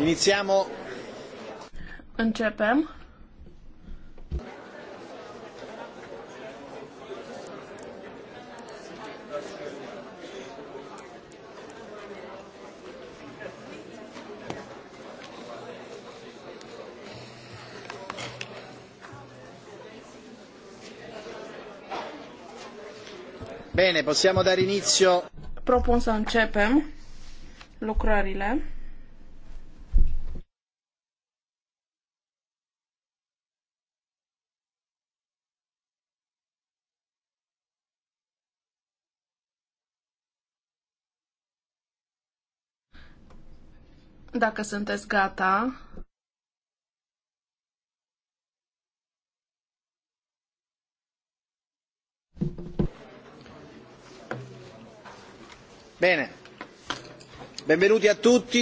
Iniziamo. Începem. Bene, possiamo dare inizio. Propun să începem lucrările. dacă sunteți gata. Bine. Benvenuti a tutti.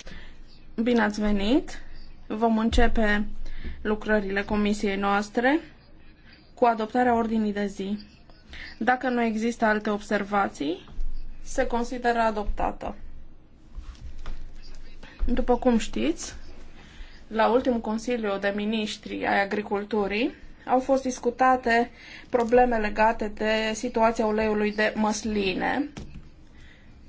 Bine ați venit. Vom începe lucrările comisiei noastre cu adoptarea ordinii de zi. Dacă nu există alte observații, se consideră adoptată. După cum știți, la ultimul Consiliu de Ministri ai Agriculturii au fost discutate probleme legate de situația uleiului de măsline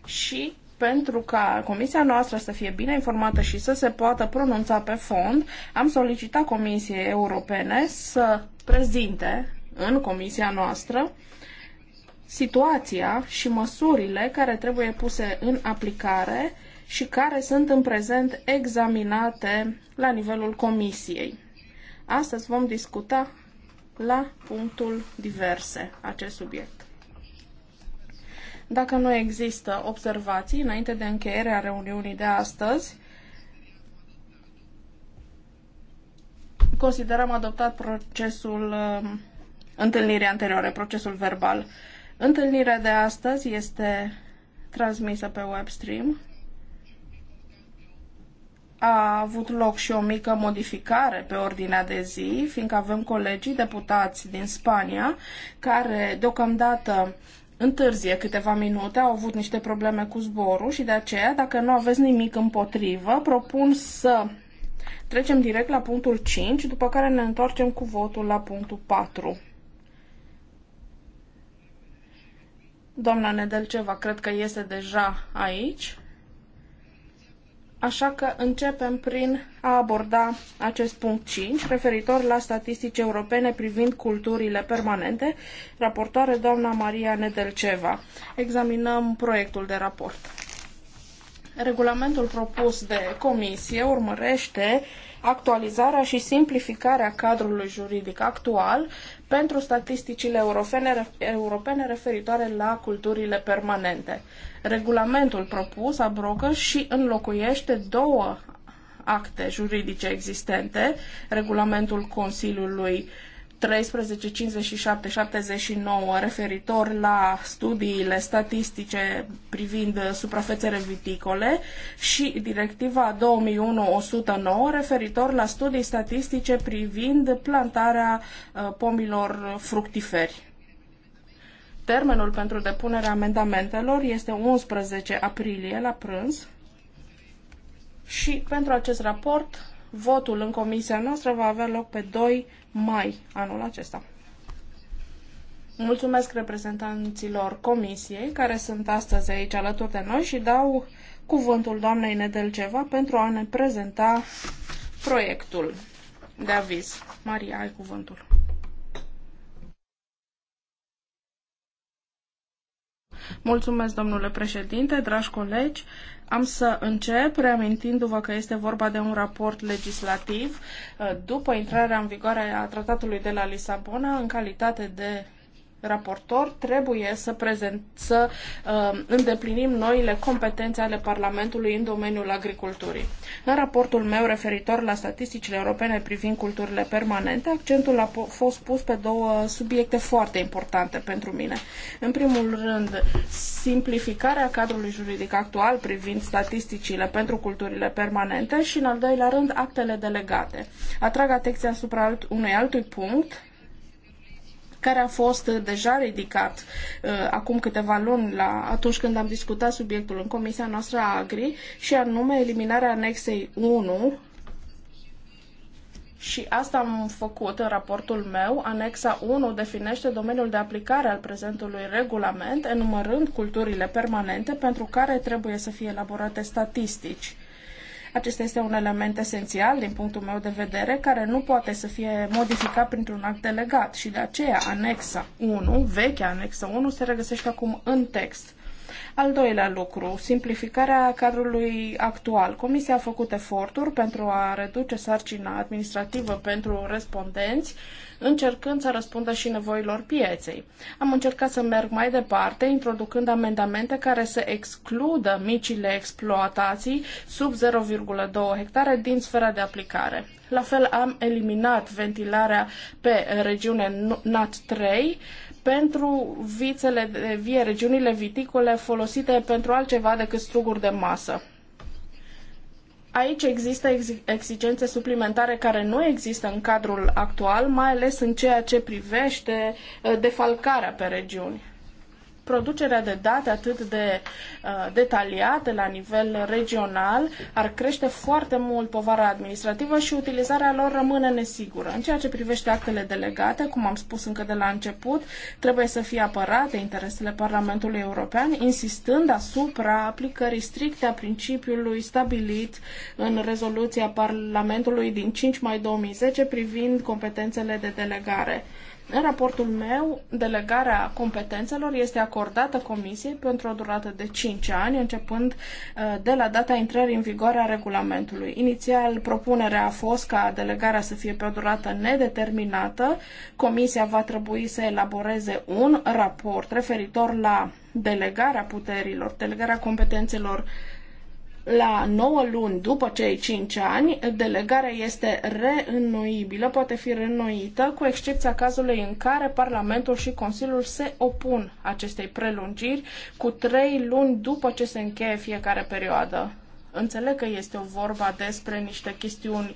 și pentru ca comisia noastră să fie bine informată și să se poată pronunța pe fond, am solicitat Comisiei Europene să prezinte în comisia noastră situația și măsurile care trebuie puse în aplicare și care sunt în prezent examinate la nivelul comisiei. Astăzi vom discuta la punctul diverse acest subiect. Dacă nu există observații înainte de încheierea reuniunii de astăzi, considerăm adoptat procesul um, întâlnirii anterioare, procesul verbal. Întâlnirea de astăzi este transmisă pe webstream a avut loc și o mică modificare pe ordinea de zi, fiindcă avem colegii deputați din Spania care deocamdată întârzie câteva minute, au avut niște probleme cu zborul și de aceea, dacă nu aveți nimic împotrivă, propun să trecem direct la punctul 5, după care ne întoarcem cu votul la punctul 4. Doamna Nedelceva, cred că este deja aici. Așa că începem prin a aborda acest punct 5, referitor la statistici europene privind culturile permanente, raportoare doamna Maria Nedelceva. Examinăm proiectul de raport. Regulamentul propus de comisie urmărește uh, actualizarea și simplificarea cadrului juridic actual pentru statisticile europene, europene referitoare la culturile permanente. Regulamentul propus abrogă și înlocuiește două acte juridice existente, regulamentul Consiliului 13, 57, 79 referitor la studiile statistice privind suprafețele viticole și directiva 2001-109 referitor la studii statistice privind plantarea uh, pomilor fructiferi. Termenul pentru depunerea amendamentelor este 11 aprilie la prânz și pentru acest raport Votul în comisia noastră va avea loc pe 2 mai anul acesta. Mulțumesc reprezentanților comisiei care sunt astăzi aici alături de noi și dau cuvântul doamnei Nedelceva pentru a ne prezenta proiectul de aviz. Maria, ai cuvântul. Mulțumesc, domnule președinte, dragi colegi. Am să încep reamintindu-vă că este vorba de un raport legislativ uh, după intrarea în vigoare a Tratatului de la Lisabona în calitate de raportor, trebuie să, prezent, să uh, îndeplinim noile competențe ale Parlamentului în domeniul agriculturii. În raportul meu referitor la statisticile europene privind culturile permanente, accentul a fost pus pe două subiecte foarte importante pentru mine. În primul rând, simplificarea cadrului juridic actual privind statisticile pentru culturile permanente și, în al doilea rând, actele delegate. Atrag atenția asupra unui altui punct care a fost uh, deja ridicat uh, acum câteva luni la, atunci când am discutat subiectul în comisia noastră Agri și anume eliminarea anexei 1 și asta am făcut în raportul meu. Anexa 1 definește domeniul de aplicare al prezentului regulament, enumărând culturile permanente pentru care trebuie să fie elaborate statistici. Acesta este un element esențial din punctul meu de vedere care nu poate să fie modificat printr-un act delegat și de aceea anexa 1, vechea anexa 1, se regăsește acum în text. Al doilea lucru, simplificarea cadrului actual. Comisia a făcut eforturi pentru a reduce sarcina administrativă pentru respondenți încercând să răspundă și nevoilor pieței. Am încercat să merg mai departe, introducând amendamente care să excludă micile exploatații sub 0,2 hectare din sfera de aplicare. La fel am eliminat ventilarea pe regiune NAT 3, pentru vițele de vie, regiunile viticole folosite pentru altceva decât struguri de masă. Aici există exigențe suplimentare care nu există în cadrul actual, mai ales în ceea ce privește uh, defalcarea pe regiuni. Producerea de date atât de uh, detaliate la nivel regional ar crește foarte mult povara administrativă și utilizarea lor rămâne nesigură. În ceea ce privește actele delegate, cum am spus încă de la început, trebuie să fie apărate interesele Parlamentului European, insistând asupra aplicării stricte a principiului stabilit în rezoluția Parlamentului din 5 mai 2010 privind competențele de delegare. În raportul meu, delegarea competențelor este acordată Comisiei pentru o durată de 5 ani, începând uh, de la data intrării în vigoare a regulamentului. Inițial, propunerea a fost ca delegarea să fie pe o durată nedeterminată. Comisia va trebui să elaboreze un raport referitor la delegarea puterilor, delegarea competențelor la 9 luni după cei 5 ani, delegarea este reînnoibilă, poate fi reînnoită, cu excepția cazului în care Parlamentul și Consiliul se opun acestei prelungiri cu 3 luni după ce se încheie fiecare perioadă. Înțeleg că este o vorba despre niște chestiuni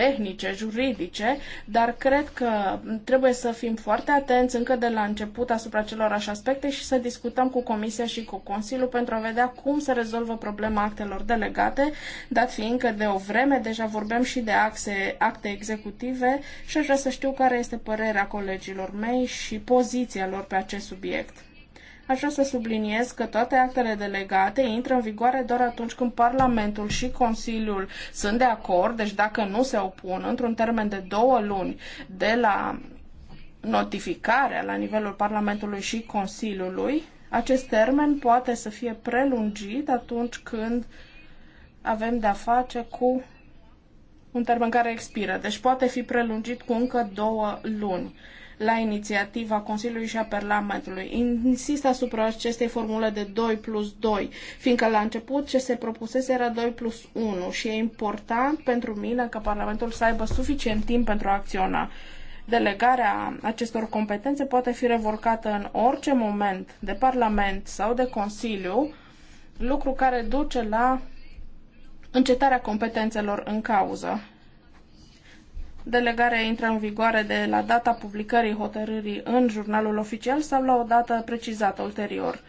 tehnice, juridice, dar cred că trebuie să fim foarte atenți încă de la început asupra celor așa aspecte și să discutăm cu Comisia și cu Consiliul pentru a vedea cum se rezolvă problema actelor delegate, dat fiind că de o vreme deja vorbeam și de axe, acte executive și aș vrea să știu care este părerea colegilor mei și poziția lor pe acest subiect. Aș vrea să subliniez că toate actele delegate intră în vigoare doar atunci când Parlamentul și Consiliul sunt de acord, deci dacă nu se opun într-un termen de două luni de la notificarea la nivelul Parlamentului și Consiliului, acest termen poate să fie prelungit atunci când avem de-a face cu un termen care expiră, deci poate fi prelungit cu încă două luni la inițiativa Consiliului și a Parlamentului. Insist asupra acestei formule de 2 plus 2, fiindcă la început ce se propusese era 2 plus 1 și e important pentru mine ca Parlamentul să aibă suficient timp pentru a acționa. Delegarea acestor competențe poate fi revocată în orice moment de Parlament sau de Consiliu, lucru care duce la încetarea competențelor în cauză. Delegarea intră în vigoare de la data publicării hotărârii în jurnalul oficial sau la o dată precizată ulterior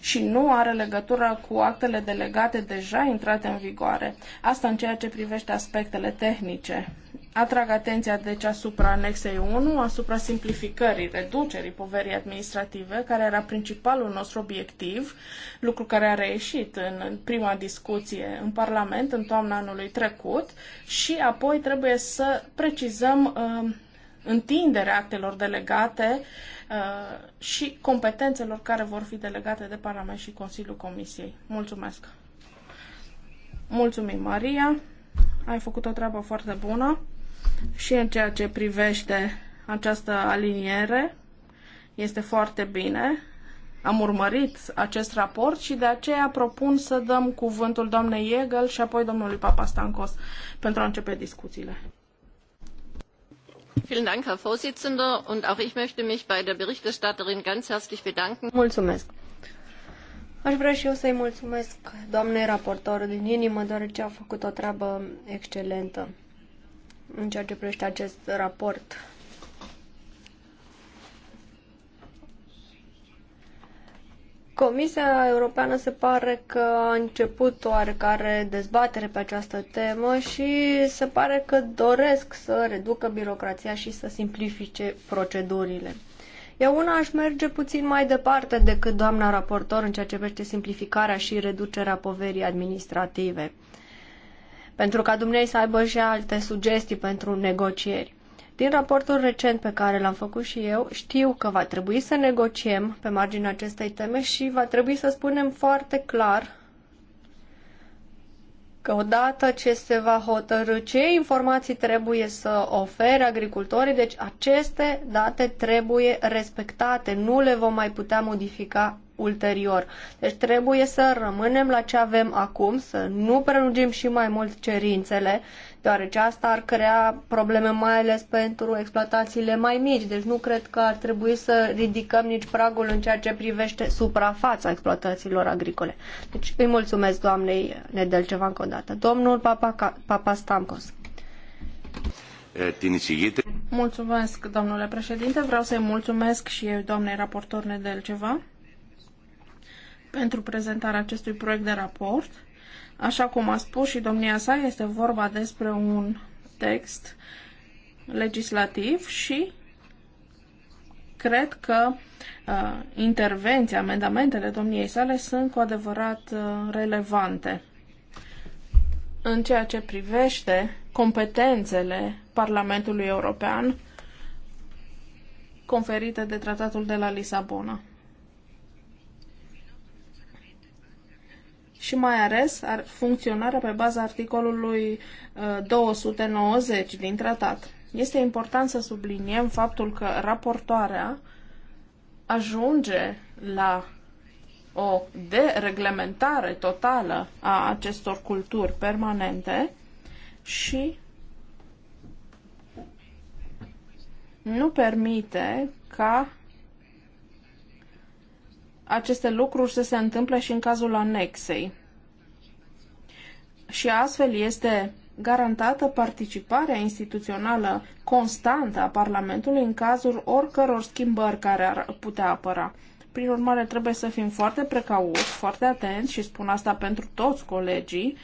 și nu are legătură cu actele delegate deja intrate în vigoare. Asta în ceea ce privește aspectele tehnice. Atrag atenția deci asupra anexei 1, asupra simplificării, reducerii poverii administrative, care era principalul nostru obiectiv, lucru care a reieșit în prima discuție în Parlament în toamna anului trecut și apoi trebuie să precizăm uh, întinderea actelor delegate uh, și competențelor care vor fi delegate de Parlament și Consiliul Comisiei. Mulțumesc! Mulțumim, Maria! Ai făcut o treabă foarte bună și în ceea ce privește această aliniere. Este foarte bine. Am urmărit acest raport și de aceea propun să dăm cuvântul doamnei Egel și apoi domnului Stancos pentru a începe discuțiile. Herr Vorsitzender, und auch ich möchte mich bei der Berichterstatterin ganz herzlich bedanken. Mulțumesc. Aș vrea și eu să-i mulțumesc doamnei raportor din inimă, deoarece a făcut o treabă excelentă în ceea ce privește acest raport. Comisia Europeană se pare că a început oarecare dezbatere pe această temă și se pare că doresc să reducă birocrația și să simplifice procedurile. Eu una aș merge puțin mai departe decât doamna raportor în ceea ce privește simplificarea și reducerea poverii administrative pentru ca dumnei să aibă și alte sugestii pentru negocieri. Din raportul recent pe care l-am făcut și eu, știu că va trebui să negociem pe marginea acestei teme și va trebui să spunem foarte clar că odată ce se va hotărâ ce informații trebuie să ofere agricultorii, deci aceste date trebuie respectate, nu le vom mai putea modifica ulterior. Deci trebuie să rămânem la ce avem acum, să nu prelungim și mai mult cerințele, deoarece asta ar crea probleme mai ales pentru exploatațiile mai mici. Deci nu cred că ar trebui să ridicăm nici pragul în ceea ce privește suprafața exploatațiilor agricole. Deci îi mulțumesc doamnei ceva încă o dată. Domnul Papa, Papa Stamcos. Eh, mulțumesc, domnule președinte. Vreau să-i mulțumesc și eu, doamnei raportor ceva pentru prezentarea acestui proiect de raport. Așa cum a spus și domnia sa, este vorba despre un text legislativ și cred că uh, intervenția, amendamentele domniei sale sunt cu adevărat uh, relevante în ceea ce privește competențele Parlamentului European conferite de Tratatul de la Lisabona. și mai ales ar funcționarea pe baza articolului 290 uh, din tratat. Este important să subliniem faptul că raportoarea ajunge la o dereglementare totală a acestor culturi permanente și nu permite ca aceste lucruri să se întâmple și în cazul anexei. Și astfel este garantată participarea instituțională constantă a Parlamentului în cazul oricăror schimbări care ar putea apăra. Prin urmare, trebuie să fim foarte precauți, foarte atenți și spun asta pentru toți colegii,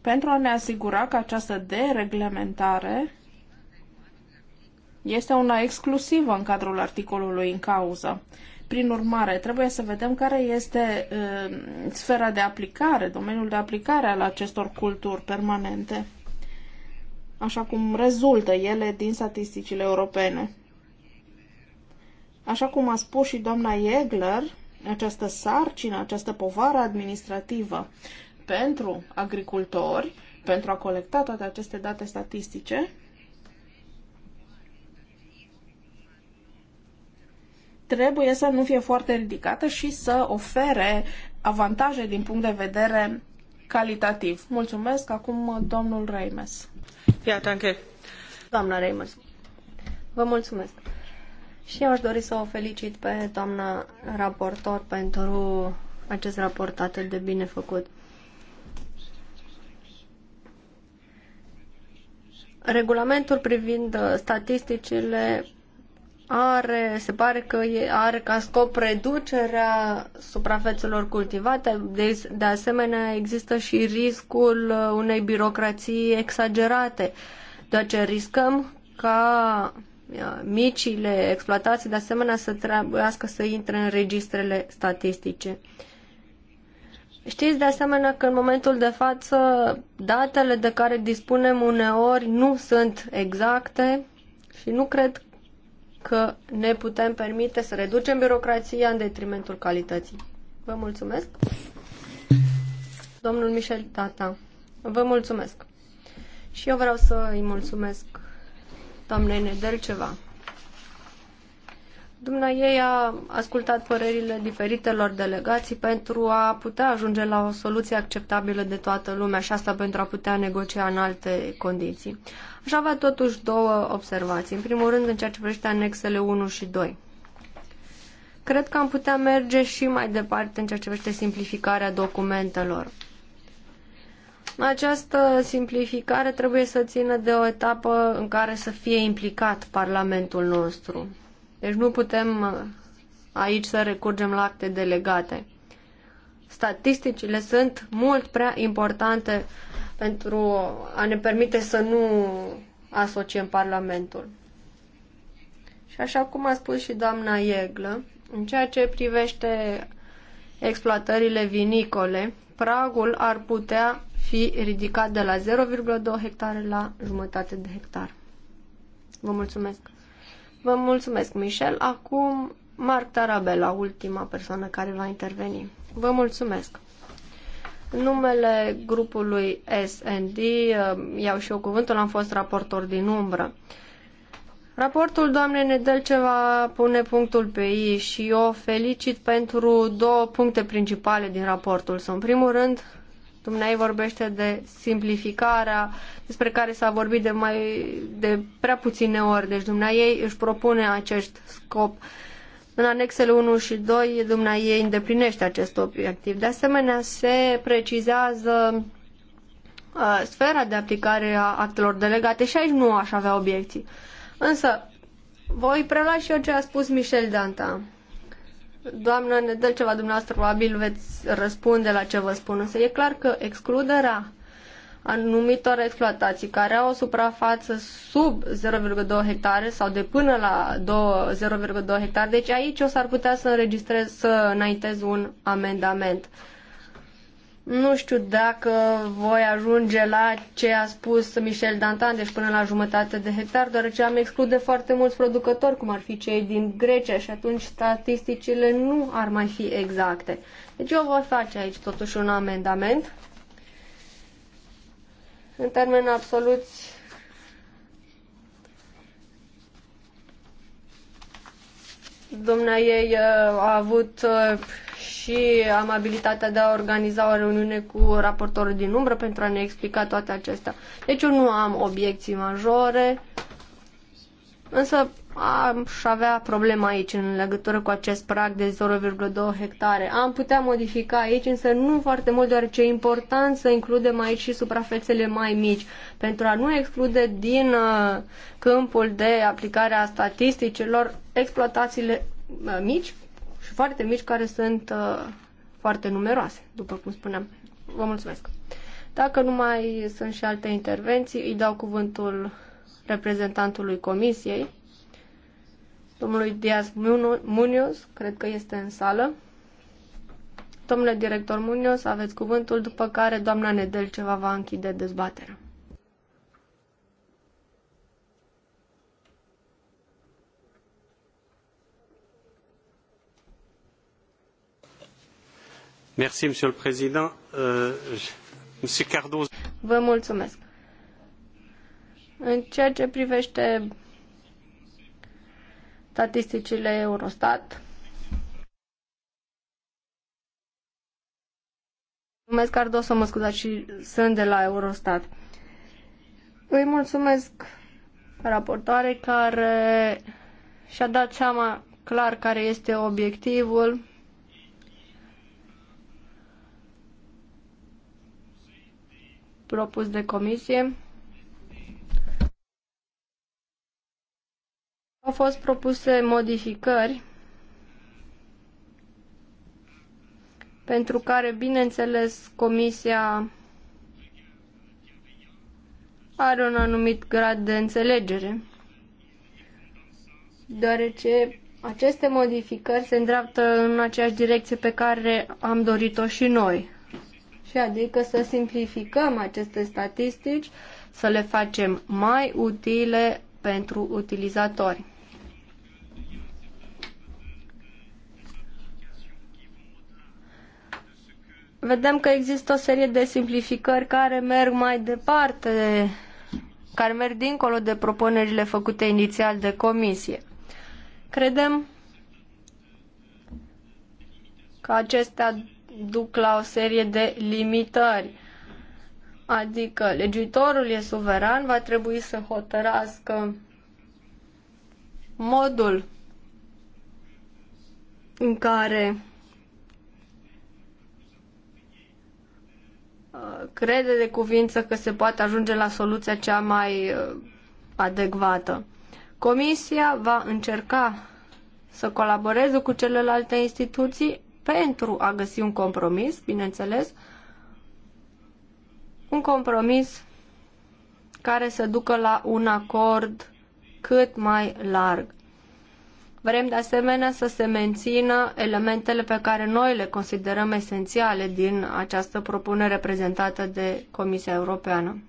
pentru a ne asigura că această dereglementare este una exclusivă în cadrul articolului în cauză. Prin urmare, trebuie să vedem care este uh, sfera de aplicare, domeniul de aplicare al acestor culturi permanente, așa cum rezultă ele din statisticile europene. Așa cum a spus și doamna Egler, această sarcină, această povară administrativă pentru agricultori, pentru a colecta toate aceste date statistice, trebuie să nu fie foarte ridicată și să ofere avantaje din punct de vedere calitativ. Mulțumesc. Acum domnul Reimes. Ia, danke. Doamna Reimes. Vă mulțumesc. Și eu aș dori să o felicit pe doamna raportor pentru acest raport atât de bine făcut. Regulamentul privind statisticile are, se pare că are ca scop reducerea suprafețelor cultivate. De, de asemenea, există și riscul uh, unei birocrații exagerate, de aceea riscăm ca uh, micile exploatații de asemenea să trebuiască să intre în registrele statistice. Știți de asemenea că în momentul de față datele de care dispunem uneori nu sunt exacte și nu cred că ne putem permite să reducem birocrația în detrimentul calității. Vă mulțumesc. Domnul Michel Tata, vă mulțumesc. Și eu vreau să îi mulțumesc doamnei ceva. Dumna ei a ascultat părerile diferitelor delegații pentru a putea ajunge la o soluție acceptabilă de toată lumea și asta pentru a putea negocia în alte condiții. Aș avea totuși două observații. În primul rând, în ceea ce privește anexele 1 și 2. Cred că am putea merge și mai departe în ceea ce privește simplificarea documentelor. Această simplificare trebuie să țină de o etapă în care să fie implicat Parlamentul nostru. Deci nu putem uh, aici să recurgem la acte delegate. Statisticile sunt mult prea importante pentru a ne permite să nu asociem Parlamentul. Și așa cum a spus și doamna Ieglă, în ceea ce privește exploatările vinicole, pragul ar putea fi ridicat de la 0,2 hectare la jumătate de hectar. Vă mulțumesc. Vă mulțumesc, Michel. Acum, Marc Tarabela, ultima persoană care va interveni. Vă mulțumesc numele grupului SND, uh, iau și eu cuvântul, am fost raportor din umbră. Raportul doamnei Nedelce va pune punctul pe I și eu felicit pentru două puncte principale din raportul Sunt În primul rând, dumneai vorbește de simplificarea despre care s-a vorbit de, mai, de prea puține ori. Deci dumneai ei își propune acest scop uh, în anexele 1 și 2, dumnea ei îndeplinește acest obiectiv. De asemenea, se precizează uh, sfera de aplicare a actelor delegate și aici nu aș avea obiecții. Însă, voi prelua și eu ce a spus Michel Danta. Doamnă, ne dă ceva dumneavoastră, probabil veți răspunde la ce vă spun, însă e clar că excluderea anumitor exploatații care au o suprafață sub 0,2 hectare sau de până la 0,2 hectare. Deci aici eu s-ar putea să înregistrez, să înaintez un amendament. Nu știu dacă voi ajunge la ce a spus Michel Dantan, deci până la jumătate de hectar, deoarece am exclus de foarte mulți producători, cum ar fi cei din Grecia, și atunci statisticile nu ar mai fi exacte. Deci eu voi face aici totuși un amendament în termeni absoluți, Domna ei uh, a avut uh, și amabilitatea de a organiza o reuniune cu raportorul din umbră pentru a ne explica toate acestea. Deci eu nu am obiecții majore, însă aș avea problema aici în legătură cu acest prag de 0,2 hectare. Am putea modifica aici, însă nu foarte mult, deoarece e important să includem aici și suprafețele mai mici, pentru a nu exclude din uh, câmpul de aplicare a statisticilor exploatațiile uh, mici și foarte mici, care sunt uh, foarte numeroase, după cum spuneam. Vă mulțumesc! Dacă nu mai sunt și alte intervenții, îi dau cuvântul reprezentantului Comisiei domnului Diaz Munoz, cred că este în sală. Domnule director Munoz, aveți cuvântul, după care doamna Nedelceva va închide dezbaterea. Merci, Monsieur le Président. Euh, Monsieur Cardoz. Vă mulțumesc. În ceea ce privește statisticile Eurostat. Numesc să mă scuzați, și sunt de la Eurostat. Îi mulțumesc raportoare care și-a dat seama clar care este obiectivul propus de comisie. Au fost propuse modificări pentru care, bineînțeles, Comisia are un anumit grad de înțelegere, deoarece aceste modificări se îndreaptă în aceeași direcție pe care am dorit-o și noi, și adică să simplificăm aceste statistici, să le facem mai utile pentru utilizatori. vedem că există o serie de simplificări care merg mai departe, care merg dincolo de propunerile făcute inițial de comisie. Credem că acestea duc la o serie de limitări. Adică legiuitorul e suveran, va trebui să hotărască modul în care crede de cuvință că se poate ajunge la soluția cea mai uh, adecvată. Comisia va încerca să colaboreze cu celelalte instituții pentru a găsi un compromis, bineînțeles, un compromis care să ducă la un acord cât mai larg. Vrem de asemenea să se mențină elementele pe care noi le considerăm esențiale din această propunere prezentată de Comisia Europeană.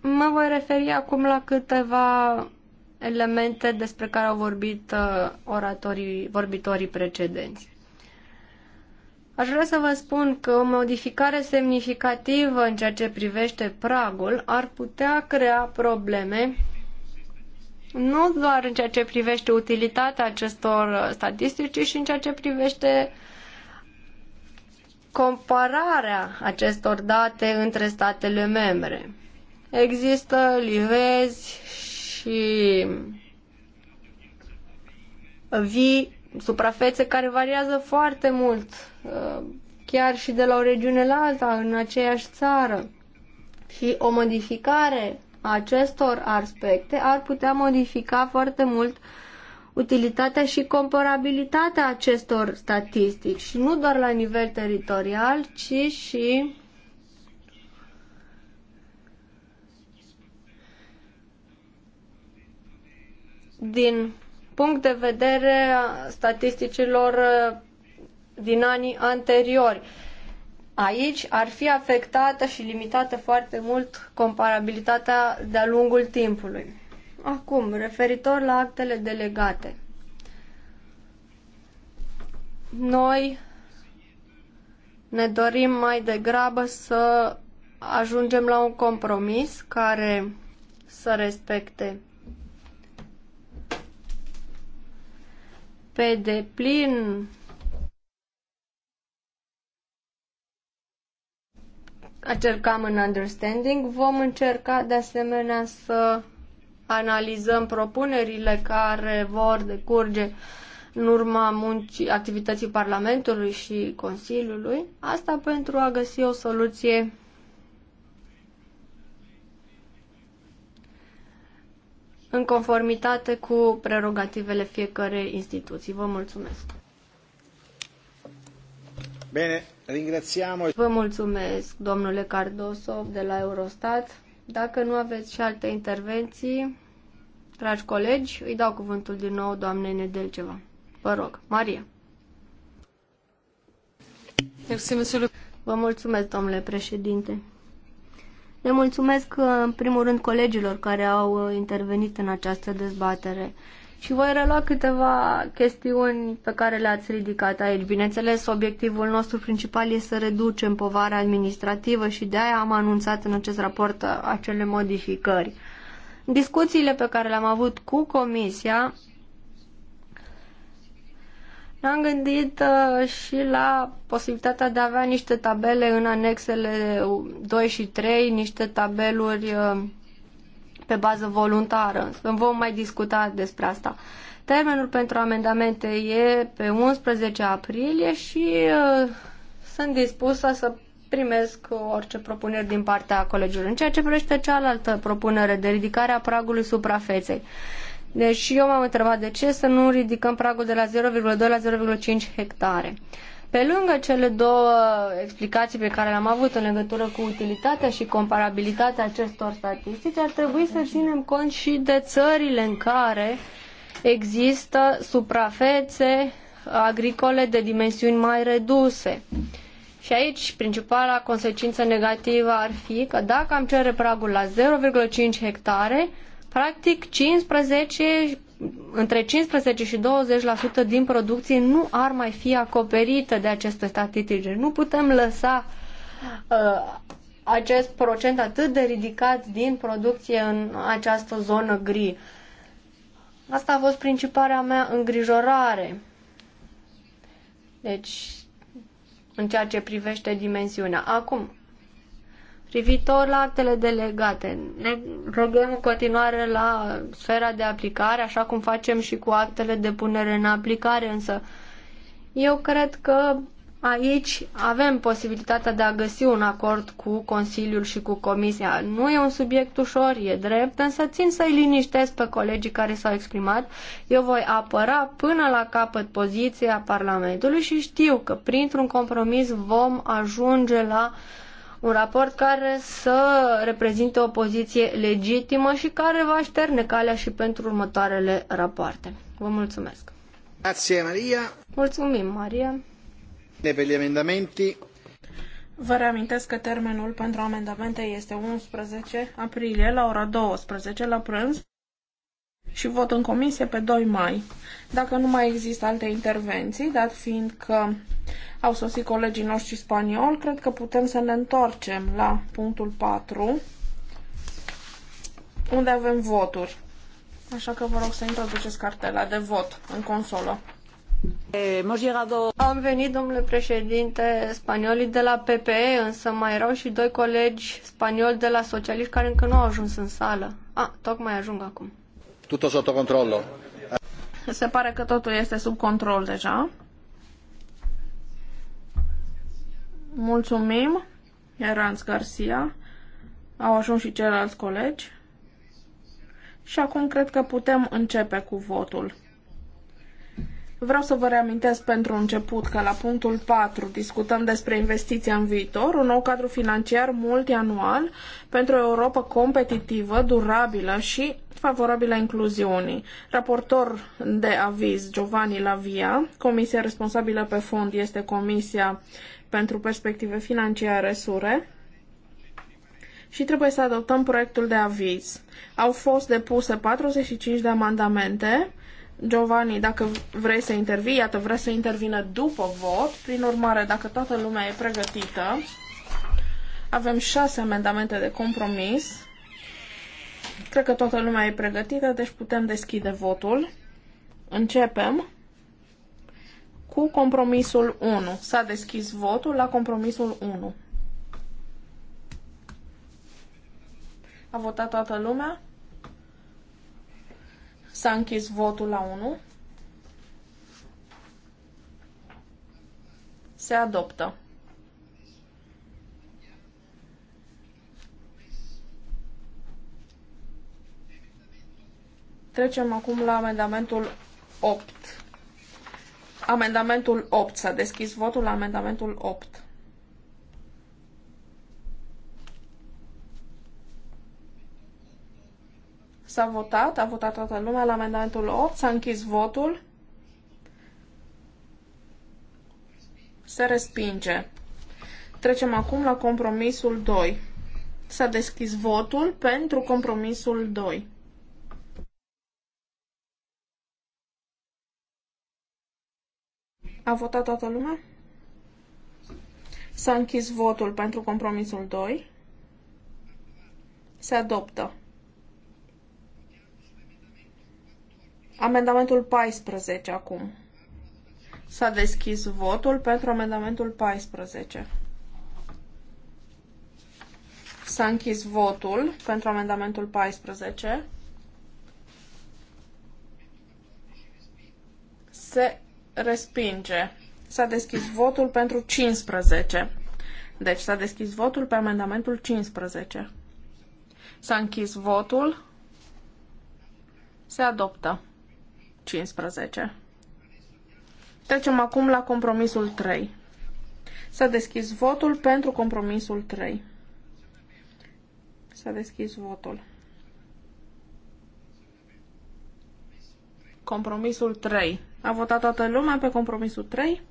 Mă voi referi acum la câteva elemente despre care au vorbit uh, oratorii, vorbitorii precedenți. Aș vrea să vă spun că o modificare semnificativă în ceea ce privește pragul ar putea crea probleme nu doar în ceea ce privește utilitatea acestor statistici, ci și în ceea ce privește compararea acestor date între statele membre. Există livezi și vii suprafețe care variază foarte mult, uh, chiar și de la o regiune la alta, în aceeași țară. Și o modificare a acestor aspecte ar putea modifica foarte mult utilitatea și comparabilitatea acestor statistici și nu doar la nivel teritorial, ci și din punct de vedere a statisticilor uh, din anii anteriori. Aici ar fi afectată și limitată foarte mult comparabilitatea de-a lungul timpului. Acum, referitor la actele delegate. Noi ne dorim mai degrabă să ajungem la un compromis care să respecte pe deplin acel common understanding. Vom încerca de asemenea să analizăm propunerile care vor decurge în urma muncii, activității Parlamentului și Consiliului. Asta pentru a găsi o soluție în conformitate cu prerogativele fiecărei instituții. Vă mulțumesc! Bine, ringrațiamo. Vă mulțumesc, domnule Cardoso, de la Eurostat. Dacă nu aveți și alte intervenții, dragi colegi, îi dau cuvântul din nou doamnei Nedelceva. Vă rog, Maria. Vă mulțumesc, domnule președinte. Le mulțumesc uh, în primul rând colegilor care au uh, intervenit în această dezbatere. Și voi relua câteva chestiuni pe care le-ați ridicat aici. Bineînțeles, obiectivul nostru principal este să reducem povara administrativă și de aia am anunțat în acest raport uh, acele modificări. Discuțiile pe care le-am avut cu Comisia ne-am gândit uh, și la posibilitatea de a avea niște tabele în anexele 2 și 3, niște tabeluri uh, pe bază voluntară. Vom mai discuta despre asta. Termenul pentru amendamente e pe 11 aprilie și uh, sunt dispusă să primesc orice propuneri din partea colegilor. În ceea ce privește cealaltă propunere de ridicare a pragului suprafeței, deci eu m-am întrebat de ce să nu ridicăm pragul de la 0,2 la 0,5 hectare. Pe lângă cele două explicații pe care le-am avut în legătură cu utilitatea și comparabilitatea acestor statistici, ar trebui să ținem cont și de țările în care există suprafețe agricole de dimensiuni mai reduse. Și aici principala consecință negativă ar fi că dacă am cere pragul la 0,5 hectare, Practic, 15, între 15 și 20% din producție nu ar mai fi acoperită de aceste statistici. Nu putem lăsa uh, acest procent atât de ridicat din producție în această zonă gri. Asta a fost principarea mea îngrijorare. Deci, în ceea ce privește dimensiunea. Acum, Privitor la actele delegate, ne rugăm în continuare la sfera de aplicare, așa cum facem și cu actele de punere în aplicare, însă eu cred că aici avem posibilitatea de a găsi un acord cu Consiliul și cu Comisia. Nu e un subiect ușor, e drept, însă țin să-i liniștesc pe colegii care s-au exprimat. Eu voi apăra până la capăt poziția Parlamentului și știu că printr-un compromis vom ajunge la uh, un raport care să reprezinte o poziție legitimă și care va șterne calea și pentru următoarele rapoarte. Vă mulțumesc! Grazie, Maria! Mulțumim, Maria! De pe amendamenti. Vă reamintesc că termenul pentru amendamente este 11 aprilie la ora 12 la prânz și vot în comisie pe 2 mai. Dacă nu mai există alte intervenții, dat fiind că au sosit colegii noștri spanioli, cred că putem să ne întoarcem la punctul 4, unde avem voturi. Așa că vă rog să introduceți cartela de vot în consolă. Am venit, domnule președinte, spaniolii de la PPE, însă mai erau și doi colegi spanioli de la socialiști care încă nu au ajuns în sală. A, ah, tocmai ajung acum. Tutto sotto controllo. Se pare că totul este sub control deja. Mulțumim, Eranz Garcia. Au ajuns și ceilalți colegi. Și acum cred că putem începe cu votul. Vreau să vă reamintesc pentru început că la punctul 4 discutăm despre investiția în viitor, un nou cadru financiar multianual pentru o Europa competitivă, durabilă și favorabil a incluziunii. Raportor de aviz Giovanni Lavia, comisia responsabilă pe fond este Comisia pentru Perspective Financiare SURE și trebuie să adoptăm proiectul de aviz. Au fost depuse 45 de amendamente. Giovanni, dacă vrei să intervii, iată, vrei să intervină după vot. Prin urmare, dacă toată lumea e pregătită, avem șase amendamente de compromis Cred că toată lumea e pregătită, deci putem deschide votul. Începem cu compromisul 1. S-a deschis votul la compromisul 1. A votat toată lumea? S-a închis votul la 1. Se adoptă. Trecem acum la amendamentul 8. Amendamentul 8. S-a deschis votul la amendamentul 8. S-a votat, a votat toată lumea la amendamentul 8, s-a închis votul. Se respinge. Trecem acum la compromisul 2. S-a deschis votul pentru compromisul 2. A votat toată lumea? S-a închis votul pentru compromisul 2. Se adoptă. Amendamentul 14 acum. S-a deschis votul pentru amendamentul 14. S-a închis votul pentru amendamentul 14. Se respinge. S-a deschis votul pentru 15. Deci s-a deschis votul pe amendamentul 15. S-a închis votul. Se adoptă. 15. Trecem acum la compromisul 3. S-a deschis votul pentru compromisul 3. S-a deschis votul. Compromisul 3. A votat toată lumea pe compromisul 3.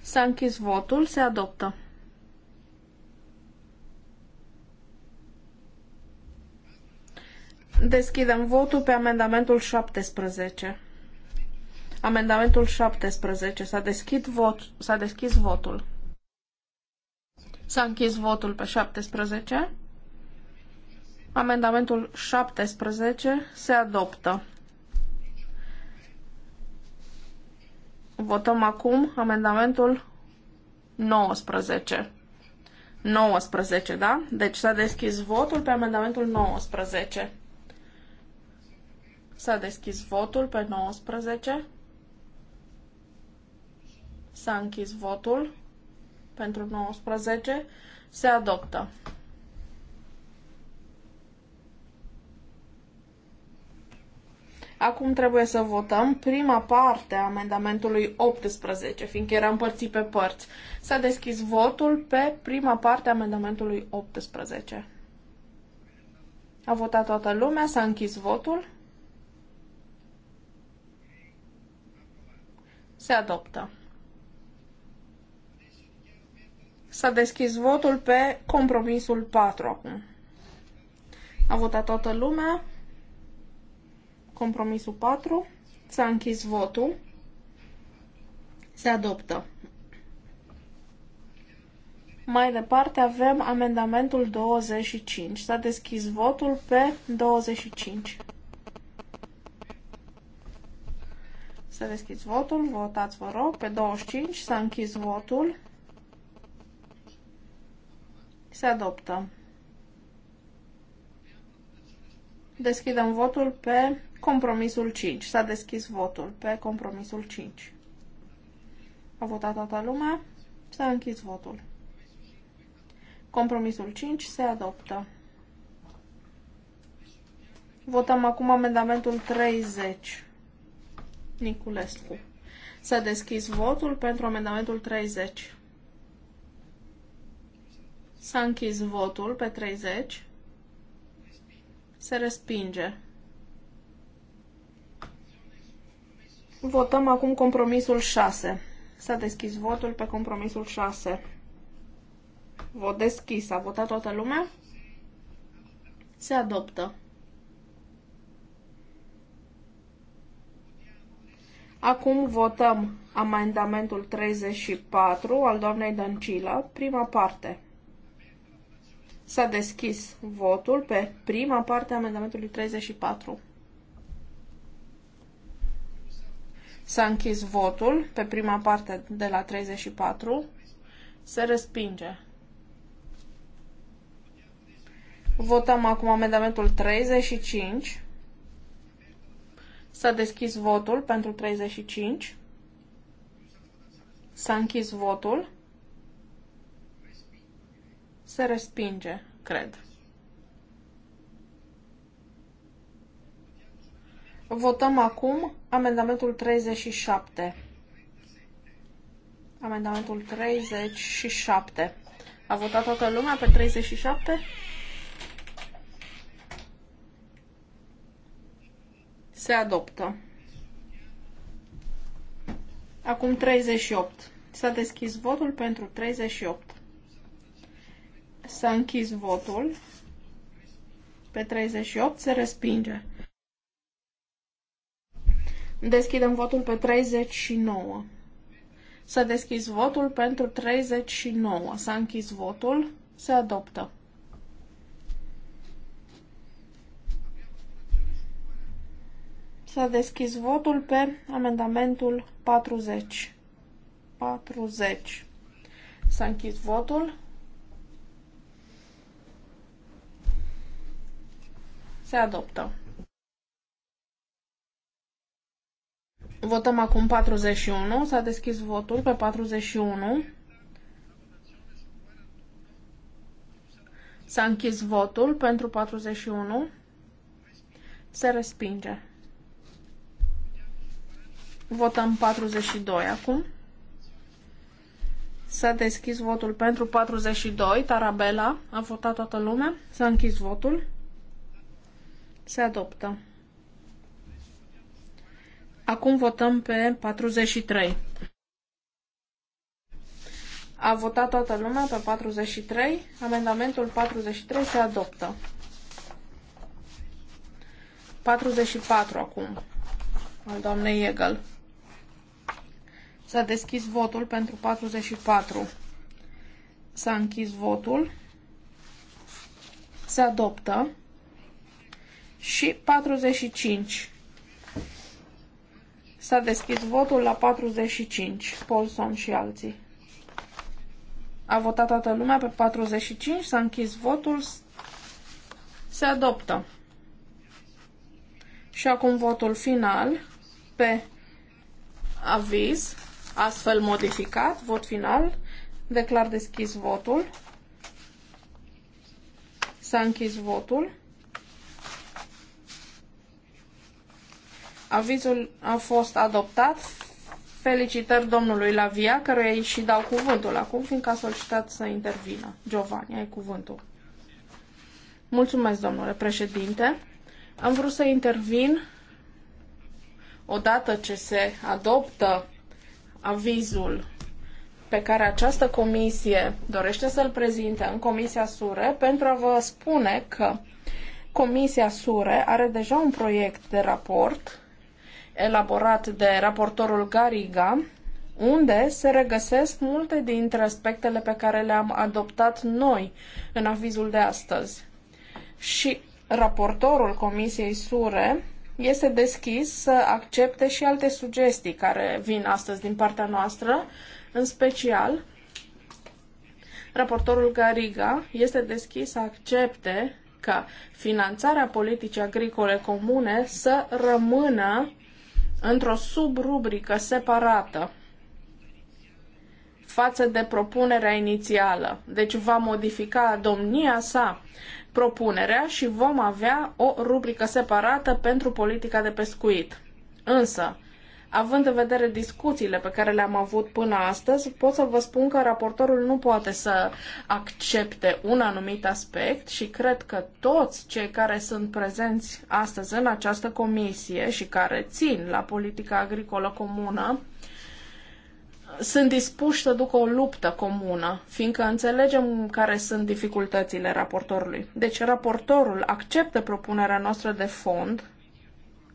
S-a închis votul, se adoptă. Deschidem votul pe amendamentul 17. Amendamentul 17. S-a deschis, vot, s-a deschis votul. S-a închis votul pe 17. Amendamentul 17 se adoptă. Votăm acum amendamentul 19. 19, da? Deci s-a deschis votul pe amendamentul 19. S-a deschis votul pe 19. S-a închis votul pentru 19. Se adoptă. Acum trebuie să votăm prima parte a amendamentului 18, fiindcă era împărțit pe părți. S-a deschis votul pe prima parte a amendamentului 18. A votat toată lumea, s-a închis votul. Se adoptă. S-a deschis votul pe compromisul 4 acum. A votat toată lumea, Compromisul 4. S-a închis votul. Se adoptă. Mai departe avem amendamentul 25. S-a deschis votul pe 25. Să deschis votul, votați vă rog, pe 25 s-a închis votul, se adoptă. Deschidem votul pe Compromisul 5. S-a deschis votul pe compromisul 5. A votat toată lumea. S-a închis votul. Compromisul 5 se adoptă. Votăm acum amendamentul 30. Niculescu. S-a deschis votul pentru amendamentul 30. S-a închis votul pe 30. Se respinge. Votăm acum compromisul 6. S-a deschis votul pe compromisul 6. Vot deschis. A votat toată lumea? Se adoptă. Acum votăm amendamentul 34 al doamnei Dăncilă, prima parte. S-a deschis votul pe prima parte a amendamentului 34. S-a închis votul pe prima parte de la 34. Se respinge. Votăm acum amendamentul 35. S-a deschis votul pentru 35. S-a închis votul. Se respinge, cred. Votăm acum amendamentul 37. Amendamentul 37. A votat toată lumea pe 37? Se adoptă. Acum 38. S-a deschis votul pentru 38. S-a închis votul. Pe 38 se respinge. Deschidem votul pe 39. Să deschizi votul pentru 39. S-a închis votul. Se adoptă. S-a deschis votul pe amendamentul 40. 40. S-a închis votul. Se adoptă. Votăm acum 41. S-a deschis votul pe 41. S-a închis votul pentru 41. Se respinge. Votăm 42 acum. S-a deschis votul pentru 42. Tarabela a votat toată lumea. S-a închis votul. Se adoptă. Acum votăm pe 43. A votat toată lumea pe 43. Amendamentul 43 se adoptă. 44 acum, al doamnei Egal. S-a deschis votul pentru 44. S-a închis votul. Se adoptă. Și 45. S-a deschis votul la 45, Paulson și alții. A votat toată lumea pe 45, s-a închis votul, se adoptă. Și acum votul final pe aviz, astfel modificat, vot final. Declar deschis votul. S-a închis votul. Avizul a fost adoptat. Felicitări domnului Lavia, căruia îi și dau cuvântul acum, fiindcă a solicitat să intervină. Giovanni, ai cuvântul. Mulțumesc, domnule președinte. Am vrut să intervin odată ce se adoptă avizul pe care această comisie dorește să-l prezinte în Comisia Sure pentru a vă spune că Comisia Sure are deja un proiect de raport elaborat de raportorul Gariga, unde se regăsesc multe dintre aspectele pe care le-am adoptat noi în avizul de astăzi. Și raportorul Comisiei Sure este deschis să accepte și alte sugestii care vin astăzi din partea noastră, în special raportorul Gariga este deschis să accepte ca finanțarea politicii agricole comune să rămână într-o subrubrică separată față de propunerea inițială. Deci va modifica domnia sa propunerea și vom avea o rubrică separată pentru politica de pescuit. Însă, Având în vedere discuțiile pe care le-am avut până astăzi, pot să vă spun că raportorul nu poate să accepte un anumit aspect și cred că toți cei care sunt prezenți astăzi în această comisie și care țin la politica agricolă comună sunt dispuși să ducă o luptă comună, fiindcă înțelegem care sunt dificultățile raportorului. Deci raportorul acceptă propunerea noastră de fond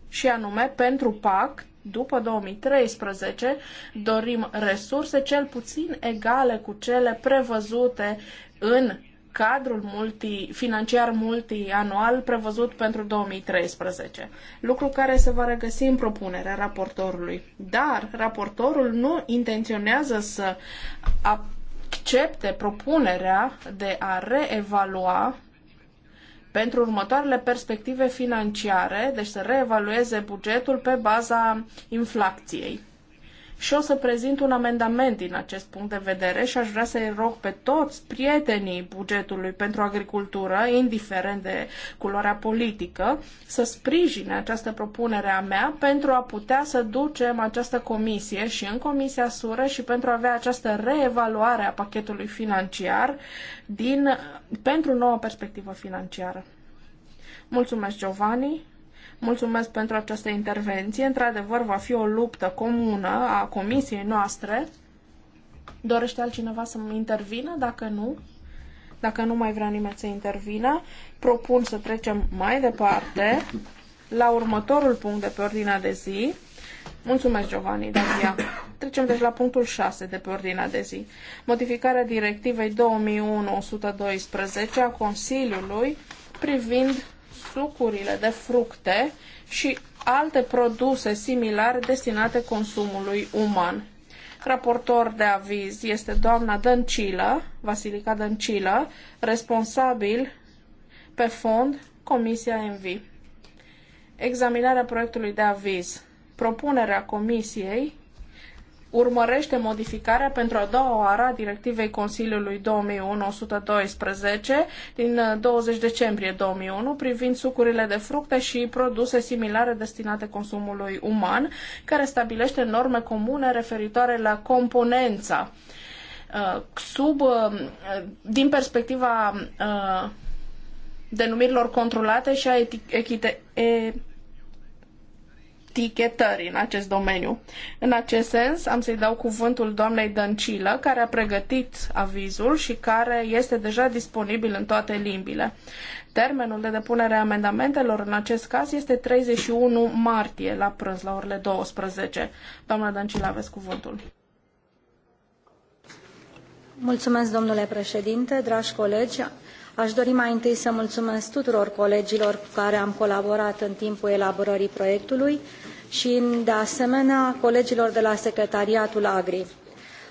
și anume pentru PAC după 2013 dorim resurse cel puțin egale cu cele prevăzute în cadrul multi, financiar multianual prevăzut pentru 2013, lucru care se va regăsi în propunerea raportorului. Dar raportorul nu intenționează să accepte propunerea de a reevalua pentru următoarele perspective financiare, deci să reevalueze bugetul pe baza inflației și o să prezint un amendament din acest punct de vedere și aș vrea să-i rog pe toți prietenii bugetului pentru agricultură, indiferent de culoarea politică, să sprijine această propunere a mea pentru a putea să ducem această comisie și în Comisia Sură și pentru a avea această reevaluare a pachetului financiar din, pentru noua perspectivă financiară. Mulțumesc, Giovanni. Mulțumesc pentru această intervenție. Într-adevăr, va fi o luptă comună a comisiei noastre. Dorește altcineva să intervină? Dacă nu, dacă nu mai vrea nimeni să intervină, propun să trecem mai departe la următorul punct de pe ordinea de zi. Mulțumesc, Giovanni, Daria. Trecem deci la punctul 6 de pe ordinea de zi. Modificarea directivei 2001-112 a Consiliului privind sucurile de fructe și alte produse similare destinate consumului uman. Raportor de aviz este doamna Dăncilă, Vasilica Dăncilă, responsabil pe fond Comisia MV. Examinarea proiectului de aviz. Propunerea Comisiei urmărește modificarea pentru a doua oară a directivei Consiliului 2112 din 20 uh, decembrie 2001 privind sucurile de fructe și produse similare destinate consumului uman, care stabilește norme comune referitoare la componența uh, sub, uh, din perspectiva denumirilor controlate și a etichete, etichetării în acest domeniu. În acest sens, am să-i dau cuvântul doamnei Dăncilă, care a pregătit avizul și care este deja disponibil în toate limbile. Termenul de depunere a amendamentelor în acest caz este 31 martie la prânz, la orele 12. Doamna Dăncilă, aveți cuvântul. Mulțumesc, domnule președinte, dragi colegi. Aș dori mai întâi să mulțumesc tuturor colegilor cu care am colaborat în timpul elaborării proiectului, și, de asemenea, colegilor de la Secretariatul Agri.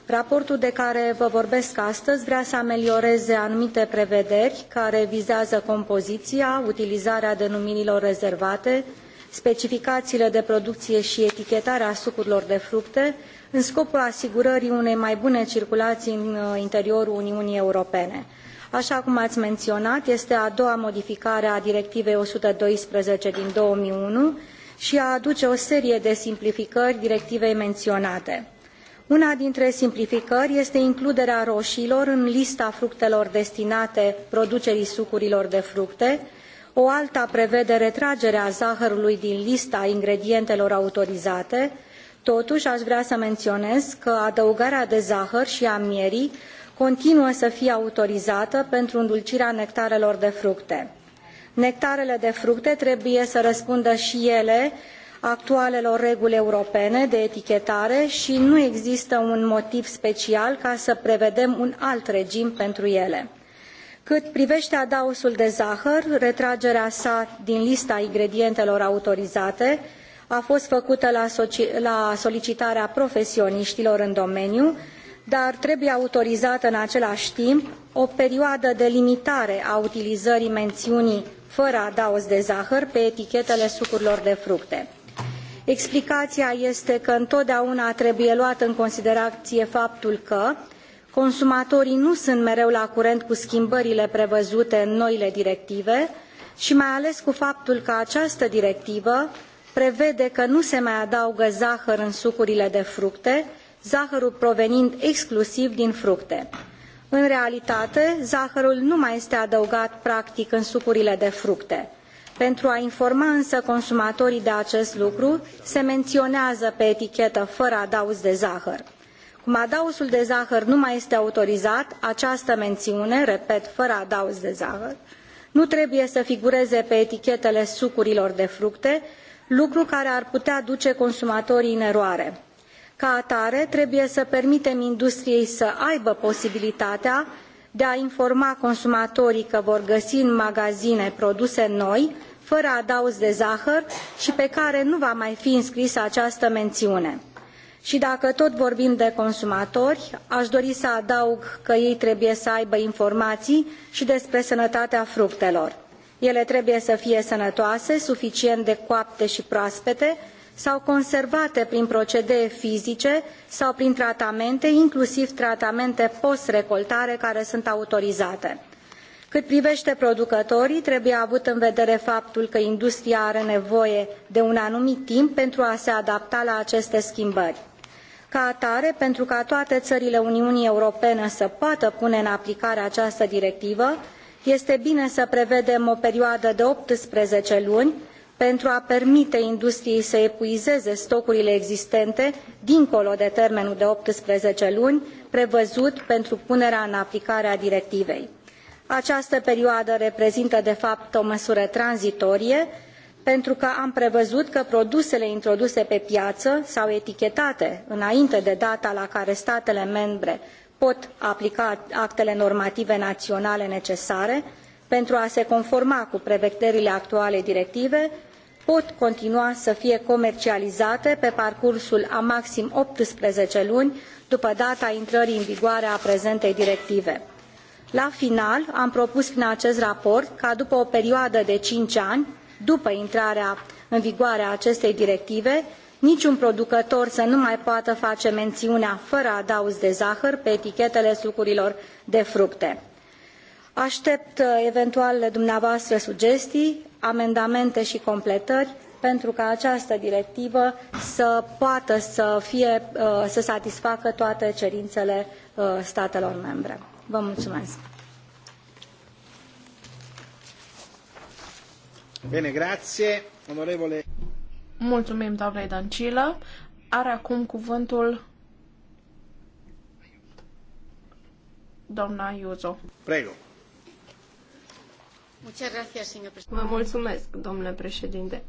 Raportul de care vă vorbesc astăzi vrea să amelioreze anumite prevederi care vizează compoziția, utilizarea denumirilor rezervate, specificațiile de producție și etichetarea sucurilor de fructe, în scopul asigurării unei mai bune circulații în uh, interiorul Uniunii Europene. Așa cum ați menționat, este a doua modificare a Directivei 112 din 2001, și a aduce o serie de simplificări directivei menționate. Una dintre simplificări este includerea roșiilor în lista fructelor destinate producerii sucurilor de fructe, o alta prevede retragerea zahărului din lista ingredientelor autorizate, totuși aș vrea să menționez că adăugarea de zahăr și a mierii continuă să fie autorizată pentru îndulcirea nectarelor de fructe nectarele de fructe trebuie să răspundă și ele actualelor reguli europene de etichetare și nu există un motiv special ca să prevedem un alt regim pentru ele. Cât privete adaosul de zahăr, retragerea sa din lista ingredientelor autorizate a fost făcută la, la solicitarea profesioniștilor în domeniu, dar trebuie autorizată în acelai timp o perioadă de limitare a utilizării mențiunii fără adaos de zahăr pe etichetele sucurilor de fructe. Explicația este că întotdeauna trebuie luat în considerație faptul că consumatorii nu sunt mereu la curent cu schimbările prevăzute în noile directive și mai ales cu faptul că această directivă prevede că nu se mai adaugă zahăr în sucurile de fructe, zahărul provenind exclusiv din fructe. În realitate, zahărul nu mai este adăugat practic în sucurile de fructe. Pentru a informa însă consumatorii de acest lucru, se menționează pe etichetă fără adaos de zahăr. Cum adausul de zahăr nu mai este autorizat, această mențiune, repet, fără adaos de zahăr, nu trebuie să figureze pe etichetele sucurilor de fructe, lucru care ar putea duce consumatorii în eroare. Ca atare, trebuie să permitem industriei să aibă posibilitatea de a informa consumatorii că vor găsi în magazine produse noi, fără adaos de zahăr și pe care nu va mai fi înscrisă această mențiune. Și dacă tot vorbim de consumatori, aș dori să adaug că ei trebuie să aibă informații și despre sănătatea fructelor. Ele trebuie să fie sănătoase, suficient de coapte și proaspete, sau conservate prin procedee fizice sau prin tratamente, inclusiv tratamente post-recoltare care sunt autorizate. Cât privește producătorii, trebuie avut în vedere faptul că industria are nevoie de un anumit timp pentru a se adapta la aceste schimbări. Ca atare, pentru ca toate țările Uniunii Europene să poată pune în aplicare această directivă, este bine să prevedem o perioadă de 18 luni pentru a permite industriei să epuizeze stocurile existente dincolo de termenul de optsprezece luni prevăzut pentru punerea în aplicare a directivei. această perioadă reprezintă de fapt o măsură tranzitorie pentru că am prevăzut că produsele introduse pe piaă sau etichetate înainte de data la care statele membre pot aplica actele normative naionale necesare pentru a se conforma cu prevederile actualei directive pot continua să fie comercializate pe parcursul a maxim 18 luni după data intrării în vigoare a prezentei directive. La final, am propus prin acest raport ca după o perioadă de 5 ani, după intrarea în vigoare a acestei directive, niciun producător să nu mai poată face mențiunea fără adaos de zahăr pe etichetele sucurilor de fructe. Aștept uh, eventualele dumneavoastră sugestii, amendamente și completări pentru ca această directivă să poată să, fie, uh, să satisfacă toate cerințele uh, statelor membre. Vă mulțumesc! Bine, grație, onorevole. Mulțumim, doamnei Dancilă. Are acum cuvântul doamna Iuzo. Prego. Vă mulțumesc, domnule președinte.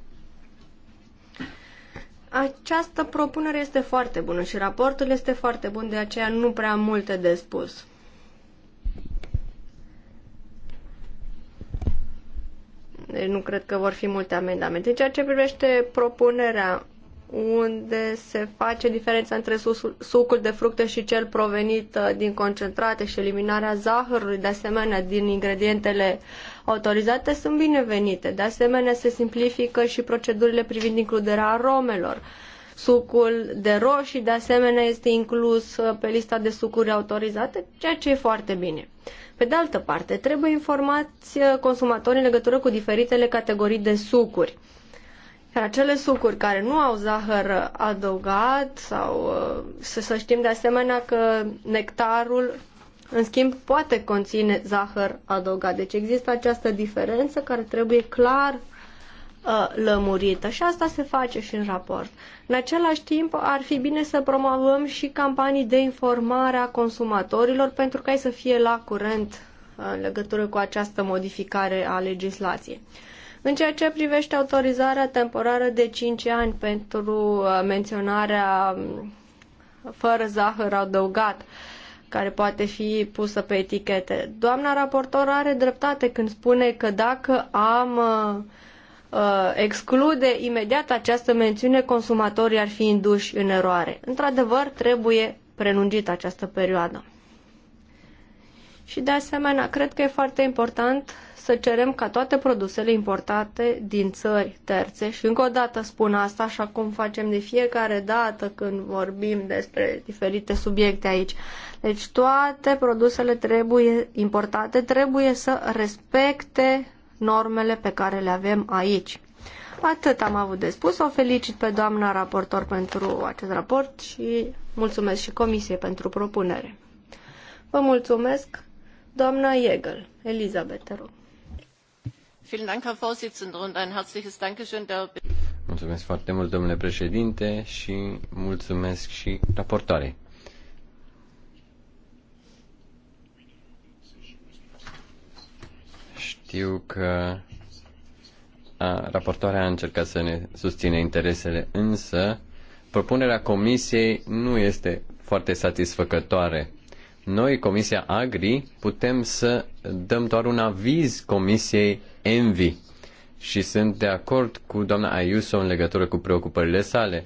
Această propunere este foarte bună și raportul este foarte bun, de aceea nu prea multe de spus. Deci nu cred că vor fi multe amendamente. În ceea ce privește propunerea unde se face diferența între sucul de fructe și cel provenit uh, din concentrate și eliminarea zahărului, de asemenea, din ingredientele autorizate, sunt binevenite. De asemenea, se simplifică și procedurile privind includerea aromelor. Sucul de roșii, de asemenea, este inclus uh, pe lista de sucuri autorizate, ceea ce e foarte bine. Pe de altă parte, trebuie informați uh, consumatorii în legătură cu diferitele categorii de sucuri iar acele sucuri care nu au zahăr adăugat sau uh, să, să știm de asemenea că nectarul în schimb, poate conține zahăr adăugat. Deci există această diferență care trebuie clar uh, lămurită și asta se face și în raport. În același timp, ar fi bine să promovăm și campanii de informare a consumatorilor pentru ca ei să fie la curent uh, în legătură cu această modificare a legislației. În ceea ce privește autorizarea temporară de 5 ani pentru uh, menționarea um, fără zahăr adăugat, care poate fi pusă pe etichete. Doamna raportor are dreptate când spune că dacă am uh, uh exclude imediat această mențiune, consumatorii ar fi induși în eroare. Într-adevăr, trebuie prelungită această perioadă. Și de asemenea, cred că e foarte important să cerem ca toate produsele importate din țări terțe, și încă o dată spun asta, așa cum facem de fiecare dată când vorbim despre diferite subiecte aici. Deci toate produsele trebuie importate trebuie să respecte normele pe care le avem aici. Atât am avut de spus. O felicit pe doamna raportor pentru acest raport și mulțumesc și comisie pentru propunere. Vă mulțumesc. Doamna Iegel, Elisabeth, te rog. Mulțumesc foarte mult, domnule președinte, și mulțumesc și raportoarei. Știu că a, raportoarea a încercat să ne susține interesele, însă propunerea comisiei nu este foarte satisfăcătoare. Noi, Comisia Agri, putem să dăm doar un aviz Comisiei Envi și sunt de acord cu doamna Ayuso în legătură cu preocupările sale.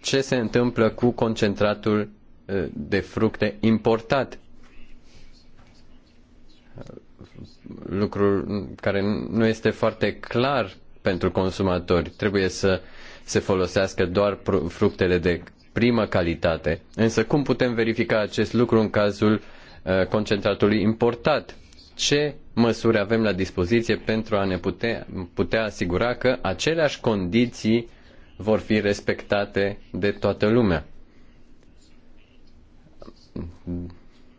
Ce se întâmplă cu concentratul eh, de fructe importat? Lucru care nu este foarte clar pentru consumatori. Trebuie să se folosească doar fructele de primă calitate. Însă cum putem verifica acest lucru în cazul uh, concentratului importat? Ce măsuri avem la dispoziție pentru a ne putea, putea asigura că aceleași condiții vor fi respectate de toată lumea?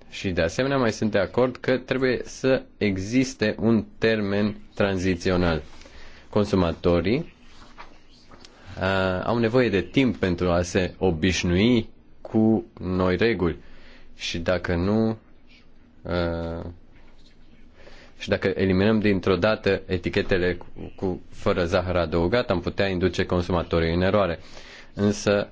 Și de asemenea mai sunt de acord că trebuie să existe un termen tranzițional. Consumatorii Uh, au nevoie de timp pentru a se obișnui cu noi reguli. Și dacă nu, uh, și dacă eliminăm dintr-o dată etichetele cu, cu fără zahăr adăugat, am putea induce consumatorii în eroare. Însă,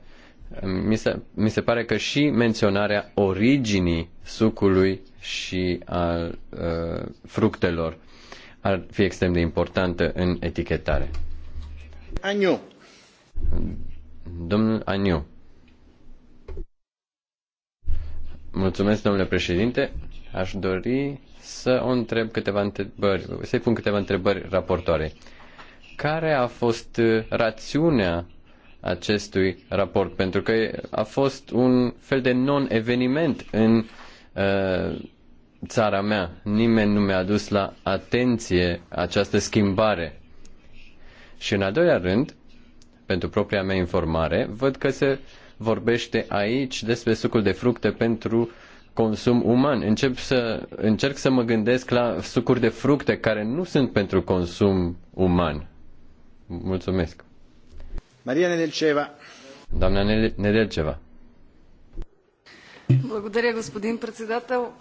mi se, mi se pare că și menționarea originii sucului și al uh, fructelor ar fi extrem de importantă în etichetare. Anio. Domnul Aniu. Mulțumesc, domnule președinte. Aș dori să o întreb câteva întrebări, să-i pun câteva întrebări raportoare. Care a fost rațiunea acestui raport? Pentru că a fost un fel de non-eveniment în uh, țara mea. Nimeni nu mi-a dus la atenție această schimbare. Și în al doilea rând, pentru propria mea informare, văd că se vorbește aici despre sucul de fructe pentru consum uman. Încep să, încerc să mă gândesc la sucuri de fructe care nu sunt pentru consum uman. Mulțumesc. Maria Nedelceva. Doamna Nedelceva. Благодаря, господин председател.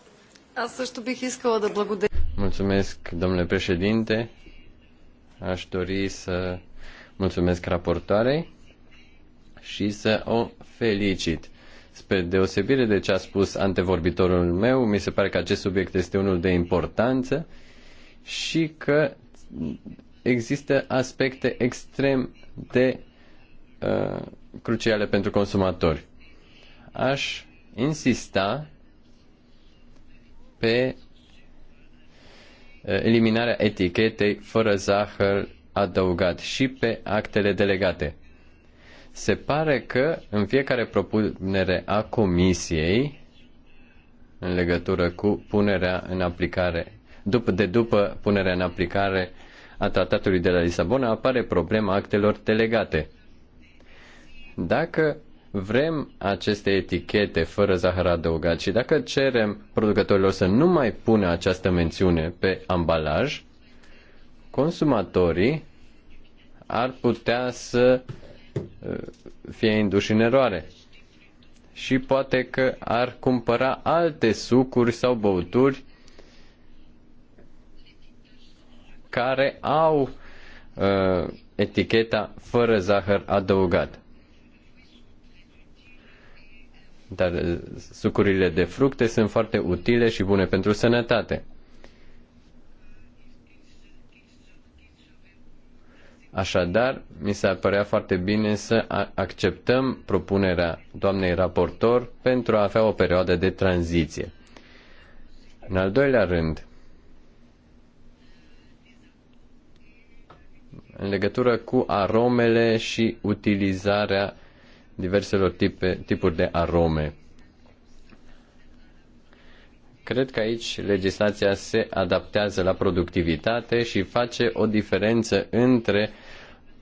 Аз също бих искала да благодаря. Mulțumesc, domnule președinte. Aș dori să Mulțumesc raportoarei și să o felicit. Spre deosebire de ce a spus antevorbitorul meu, mi se pare că acest subiect este unul de importanță și că există aspecte extrem de uh, cruciale pentru consumatori. Aș insista pe uh, eliminarea etichetei fără zahăr adăugat și pe actele delegate. Se pare că în fiecare propunere a Comisiei în legătură cu punerea în aplicare, după, de după punerea în aplicare a tratatului de la Lisabona, apare problema actelor delegate. Dacă vrem aceste etichete fără zahăr adăugat și dacă cerem producătorilor să nu mai pună această mențiune pe ambalaj, consumatorii ar putea să uh, fie induși în eroare și poate că ar cumpăra alte sucuri sau băuturi care au uh, eticheta fără zahăr adăugat. Dar uh, sucurile de fructe sunt foarte utile și bune pentru sănătate. Așadar, mi s-ar părea foarte bine să acceptăm propunerea doamnei raportor pentru a avea o perioadă de tranziție. În al doilea rând, în legătură cu aromele și utilizarea diverselor tipe, tipuri de arome. Cred că aici legislația se adaptează la productivitate și face o diferență între uh,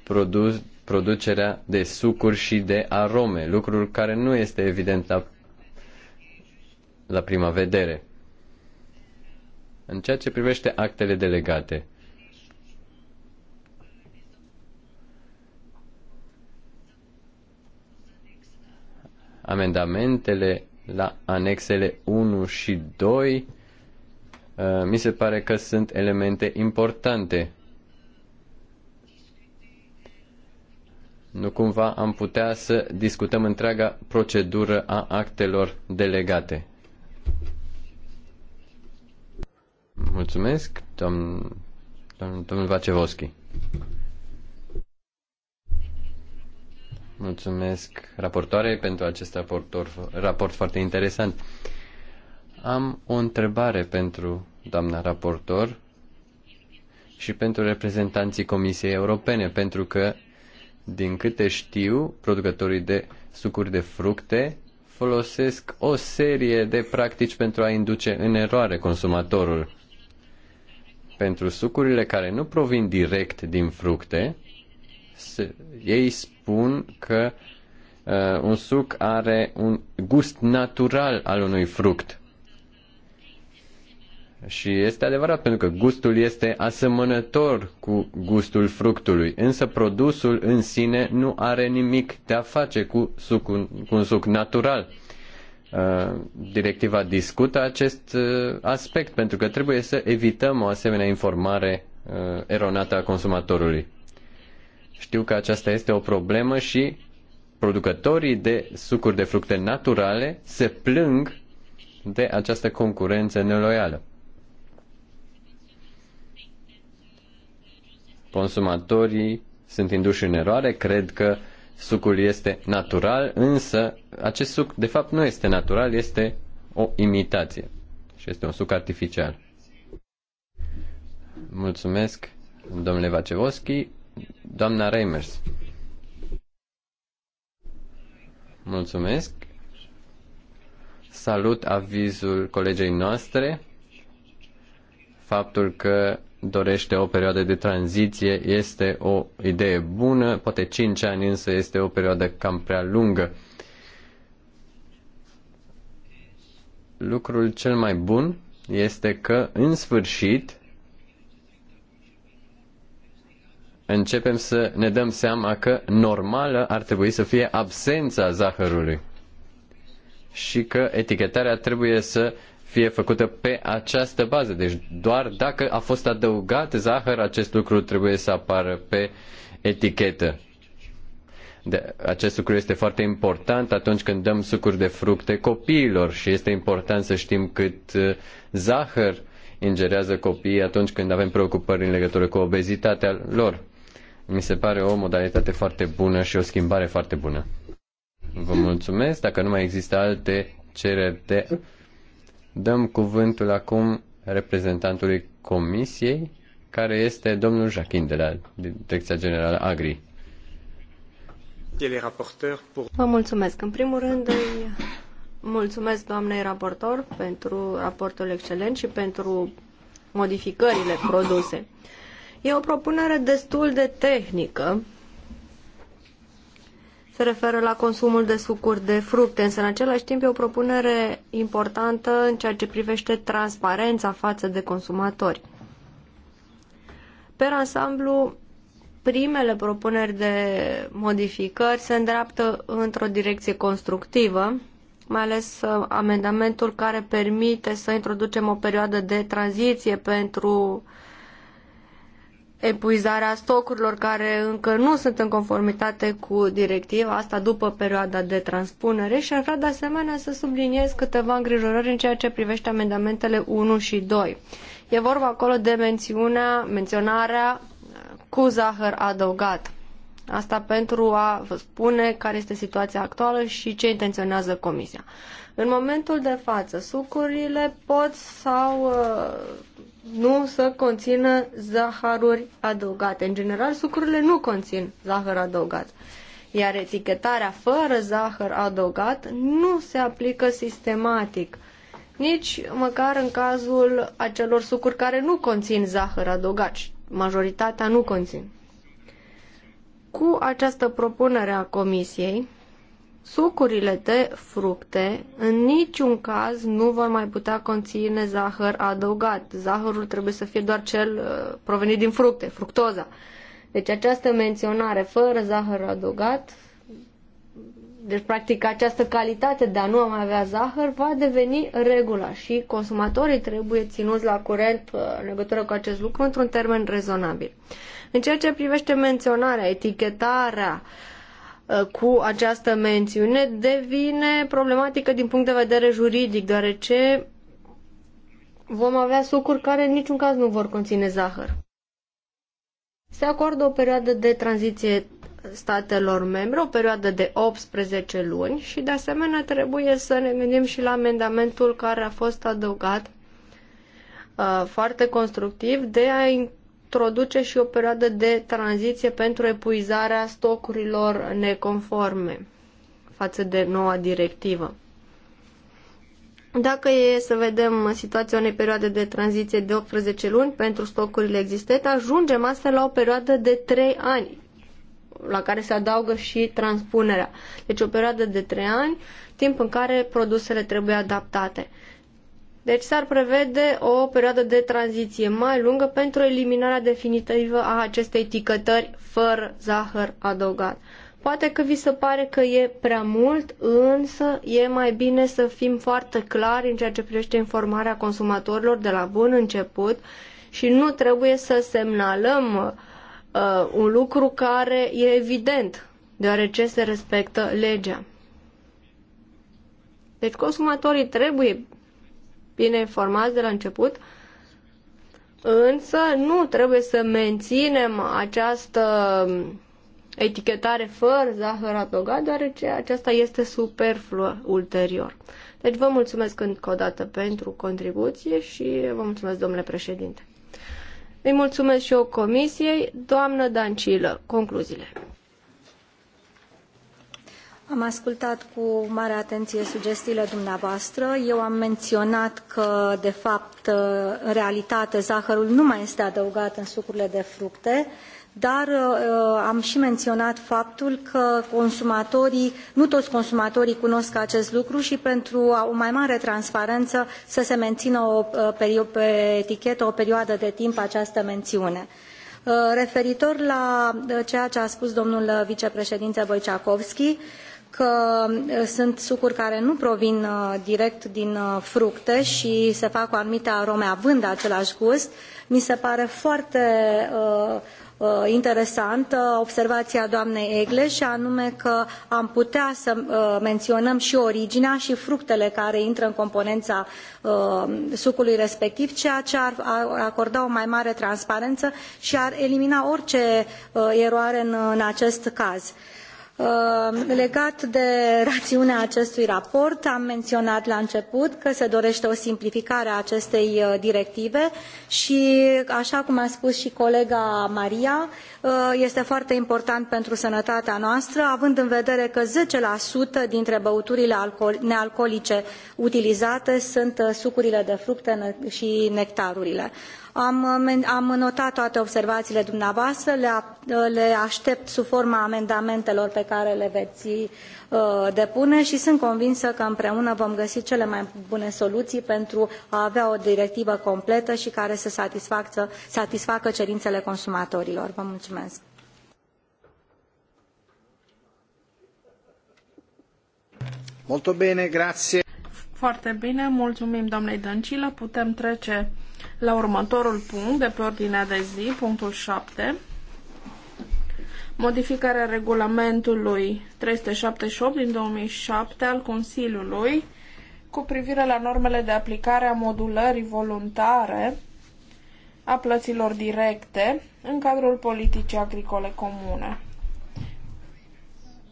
produ- producerea de sucuri și de arome, lucruri care nu este evident la, la prima vedere. În ceea ce privește actele delegate, amendamentele la anexele 1 și 2 uh, mi se pare că sunt elemente importante Nu cumva am putea să discutăm întreaga procedură a actelor delegate. Mulțumesc, domn, domn, domnul Vacevoschi. Mulțumesc raportoare pentru acest raportor, raport foarte interesant. Am o întrebare pentru doamna raportor și pentru reprezentanții Comisiei Europene, pentru că din câte știu, producătorii de sucuri de fructe folosesc o serie de practici pentru a induce în eroare consumatorul. Pentru sucurile care nu provin direct din fructe, ei spun că uh, un suc are un gust natural al unui fruct. Și este adevărat, pentru că gustul este asemănător cu gustul fructului, însă produsul în sine nu are nimic de a face cu, sucul, cu un suc natural. Uh, directiva discută acest uh, aspect pentru că trebuie să evităm o asemenea informare uh, eronată a consumatorului. Știu că aceasta este o problemă și producătorii de sucuri de fructe naturale se plâng de această concurență neloială. Consumatorii sunt induși în eroare, cred că sucul este natural, însă acest suc de fapt nu este natural, este o imitație și este un suc artificial. Mulțumesc, domnule Vacevoschi. Doamna Reimers. Mulțumesc. Salut avizul colegei noastre. Faptul că dorește o perioadă de tranziție, este o idee bună, poate 5 ani însă este o perioadă cam prea lungă. Lucrul cel mai bun este că, în sfârșit, începem să ne dăm seama că normală ar trebui să fie absența zahărului și că etichetarea trebuie să fie făcută pe această bază. Deci doar dacă a fost adăugat zahăr, acest lucru trebuie să apară pe etichetă. De, acest lucru este foarte important atunci când dăm sucuri de fructe copiilor și este important să știm cât uh, zahăr ingerează copiii atunci când avem preocupări în legătură cu obezitatea lor. Mi se pare o modalitate foarte bună și o schimbare foarte bună. Vă mulțumesc. Dacă nu mai există alte cereri de Dăm cuvântul acum reprezentantului Comisiei, care este domnul Jacquin de la Direcția Generală Agri. Vă mulțumesc. În primul rând îi mulțumesc doamnei raportor pentru raportul excelent și pentru modificările produse. E o propunere destul de tehnică se referă la consumul de sucuri de fructe, însă în același timp e o propunere importantă în ceea ce privește transparența față de consumatori. Per ansamblu, primele propuneri de modificări se îndreaptă într-o direcție constructivă, mai ales uh, amendamentul care permite să introducem o perioadă de tranziție pentru uh, epuizarea stocurilor care încă nu sunt în conformitate cu directiva, asta după perioada de transpunere și ar vrea de asemenea să subliniez câteva îngrijorări în ceea ce privește amendamentele 1 și 2. E vorba acolo de mențiunea, menționarea cu zahăr adăugat. Asta pentru a vă spune care este situația actuală și ce intenționează Comisia. În momentul de față, sucurile pot sau uh, nu să conțină zahăruri adăugate. În general, sucurile nu conțin zahăr adăugat. Iar etichetarea fără zahăr adăugat nu se aplică sistematic, nici măcar în cazul acelor sucuri care nu conțin zahăr adăugat. Majoritatea nu conțin. Cu această propunere a Comisiei, sucurile de fructe în niciun caz nu vor mai putea conține zahăr adăugat. Zahărul trebuie să fie doar cel uh, provenit din fructe, fructoza. Deci această menționare fără zahăr adăugat, deci practic această calitate de a nu mai avea zahăr va deveni regula și consumatorii trebuie ținuți la curent uh, în legătură cu acest lucru într-un termen rezonabil. În ceea ce privește menționarea, etichetarea, uh, Uh, cu această mențiune devine problematică din punct de vedere juridic, deoarece vom avea sucuri care în niciun caz nu vor conține zahăr. Se acordă o perioadă de tranziție statelor membre, o perioadă de 18 luni și de asemenea trebuie să ne gândim și la amendamentul care a fost adăugat uh, foarte constructiv de a introduce și o perioadă de tranziție pentru epuizarea stocurilor neconforme față de noua directivă. Dacă e să vedem situația unei perioade de tranziție de 18 luni pentru stocurile existente, ajungem astfel la o perioadă de 3 ani, la care se adaugă și transpunerea. Deci o perioadă de 3 ani, timp în care produsele trebuie adaptate. Deci s-ar prevede o perioadă de tranziție mai lungă pentru eliminarea definitivă a acestei etichetări fără zahăr adăugat. Poate că vi se pare că e prea mult, însă e mai bine să fim foarte clari în ceea ce privește informarea consumatorilor de la bun început și nu trebuie să semnalăm uh, un lucru care e evident, deoarece se respectă legea. Deci consumatorii trebuie bine informați de la început, însă nu trebuie să menținem această etichetare fără zahăr adăugat, deoarece aceasta este superfluă ulterior. Deci vă mulțumesc încă o dată pentru contribuție și vă mulțumesc, domnule președinte. Îi mulțumesc și eu comisiei. Doamnă Dancilă, concluziile. Am ascultat cu mare atenție sugestiile dumneavoastră. Eu am menționat că, de fapt, în realitate, zahărul nu mai este adăugat în sucurile de fructe, dar uh, am și menționat faptul că consumatorii, nu toți consumatorii cunosc acest lucru și pentru o mai mare transparență să se mențină o, uh, pe etichetă o perioadă de timp această mențiune. Uh, referitor la uh, ceea ce a spus domnul vicepreședinte Wojciechowski, că uh, sunt sucuri care nu provin uh, direct din uh, fructe și se fac cu anumite arome având același gust. Mi se pare foarte interesantă observația doamnei Egle și anume că am putea să menționăm și originea și fructele care intră în componența sucului respectiv, ceea ce ar acorda o mai mare transparență și ar elimina orice eroare în acest caz. Uh, legat de rațiunea acestui raport, am menționat la început că se dorește o simplificare a acestei uh, directive și, așa cum a spus și colega Maria, uh, este foarte important pentru sănătatea noastră, având în vedere că 10% dintre băuturile nealcoolice utilizate sunt sucurile de fructe și nectarurile. Am, uh, am notat toate observațiile dumneavoastră, le, uh, le aștept sub forma amendamentelor pe care le veți uh, depune și sunt convinsă că împreună vom găsi cele mai bune soluții pentru a avea o directivă completă și care să satisfacă, satisfacă cerințele consumatorilor. Vă mulțumesc! Molto Foarte bine, mulțumim doamnei Dăncilă. Putem trece la următorul punct de pe ordinea de zi, punctul 7, modificarea regulamentului 378 din 2007 al Consiliului cu privire la normele de aplicare a modulării voluntare a plăților directe în cadrul politicii agricole comune.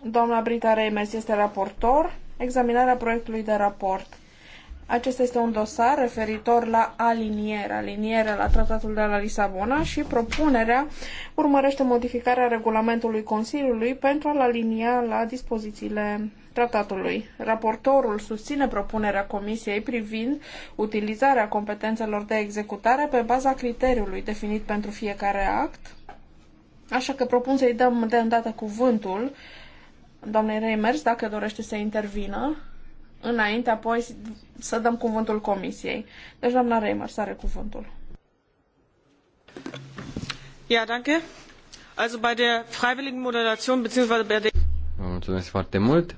Doamna Brita Reimers este raportor. Examinarea proiectului de raport acesta este un dosar referitor la aliniere, aliniere la Tratatul de la Lisabona și propunerea urmărește modificarea regulamentului Consiliului pentru a-l alinia la dispozițiile tratatului. Raportorul susține propunerea Comisiei privind utilizarea competențelor de executare pe baza criteriului definit pentru fiecare act, așa că propun să-i dăm de îndată cuvântul doamnei Reimers dacă dorește să intervină înainte, apoi să dăm cuvântul comisiei. Deci, doamna să are cuvântul. Ja, danke. Also bei der freiwilligen Moderation bzw. bei der mulțumesc foarte mult.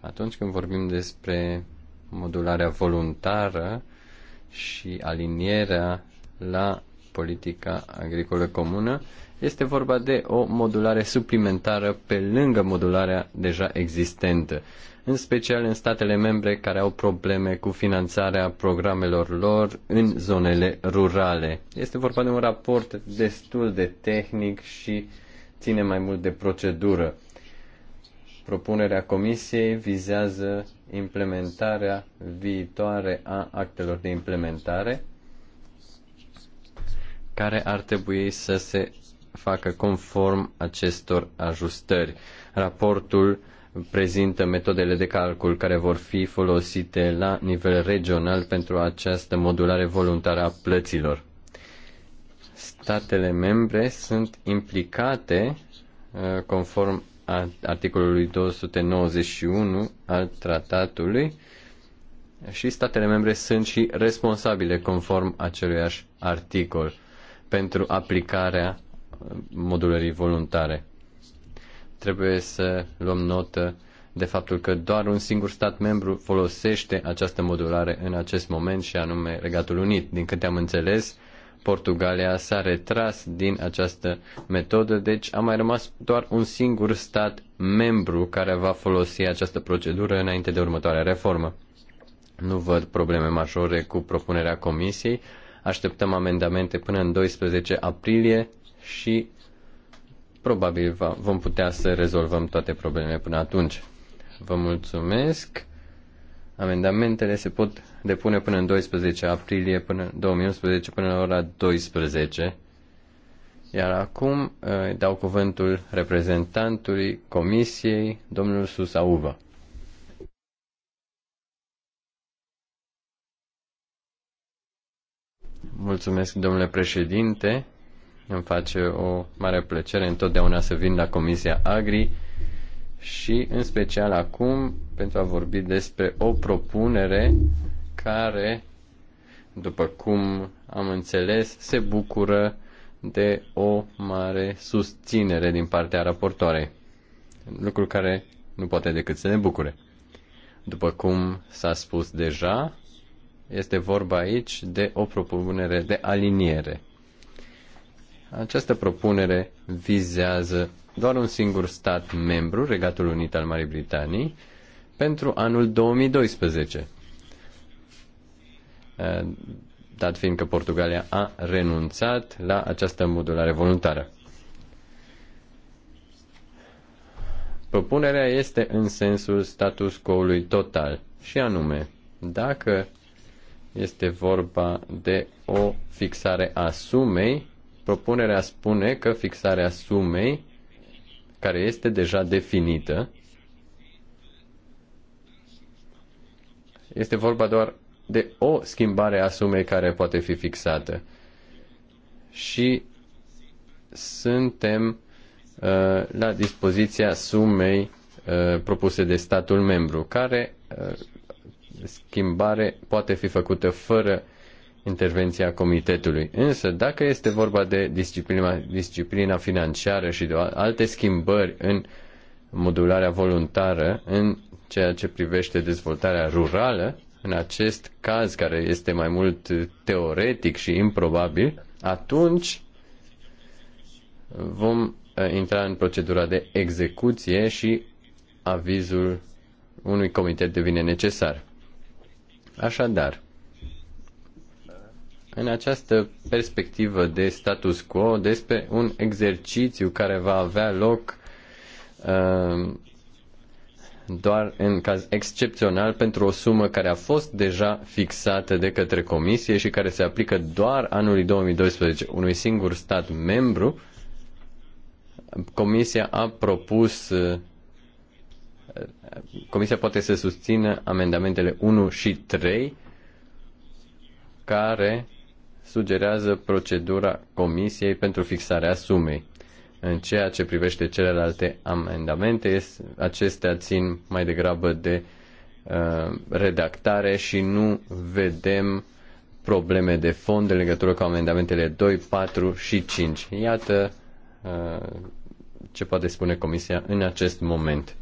Atunci când vorbim despre modularea voluntară și alinierea la politica agricolă comună, este vorba de o modulare suplimentară pe lângă modularea deja existentă în special în statele membre care au probleme cu finanțarea programelor lor în zonele rurale. Este vorba de un raport destul de tehnic și ține mai mult de procedură. Propunerea Comisiei vizează implementarea viitoare a actelor de implementare care ar trebui să se facă conform acestor ajustări. Raportul prezintă metodele de calcul care vor fi folosite la nivel regional pentru această modulare voluntară a plăților. Statele membre sunt implicate uh, conform articolului 291 al tratatului și statele membre sunt și responsabile conform aceluiași articol pentru aplicarea uh, modulării voluntare trebuie să luăm notă de faptul că doar un singur stat membru folosește această modulare în acest moment și anume Regatul Unit. Din câte am înțeles, Portugalia s-a retras din această metodă, deci a mai rămas doar un singur stat membru care va folosi această procedură înainte de următoarea reformă. Nu văd probleme majore cu propunerea comisiei. Așteptăm amendamente până în 12 aprilie și probabil vom putea să rezolvăm toate problemele până atunci. Vă mulțumesc. Amendamentele se pot depune până în 12 aprilie până 2011 până la ora 12. Iar acum uh, îi dau cuvântul reprezentantului Comisiei, domnul Susauva. Mulțumesc, domnule președinte. Îmi face o mare plăcere întotdeauna să vin la Comisia Agri și în special acum pentru a vorbi despre o propunere care, după cum am înțeles, se bucură de o mare susținere din partea raportoarei. Lucru care nu poate decât să ne bucure. După cum s-a spus deja, este vorba aici de o propunere de aliniere. Această propunere vizează doar un singur stat membru, Regatul Unit al Marii Britanii, pentru anul 2012. Eh, dat fiind că Portugalia a renunțat la această modulare voluntară. Propunerea este în sensul status quo-ului total, și anume, dacă este vorba de o fixare a sumei, propunerea spune că fixarea sumei, care este deja definită, este vorba doar de o schimbare a sumei care poate fi fixată. Și suntem uh, la dispoziția sumei uh, propuse de statul membru, care uh, schimbare poate fi făcută fără intervenția comitetului. Însă, dacă este vorba de disciplina, disciplina financiară și de alte schimbări în modularea voluntară, în ceea ce privește dezvoltarea rurală, în acest caz care este mai mult teoretic și improbabil, atunci vom eh, intra în procedura de execuție și avizul unui comitet devine necesar. Așadar, în această perspectivă de status quo despre un exercițiu care va avea loc uh, doar în caz excepțional pentru o sumă care a fost deja fixată de către Comisie și care se aplică doar anului 2012 unui singur stat membru, Comisia a propus uh, Comisia poate să susțină amendamentele 1 și 3 care sugerează procedura Comisiei pentru fixarea sumei. În ceea ce privește celelalte amendamente, acestea țin mai degrabă de uh, redactare și nu vedem probleme de fond în legătură cu amendamentele 2, 4 și 5. Iată uh, ce poate spune Comisia în acest moment.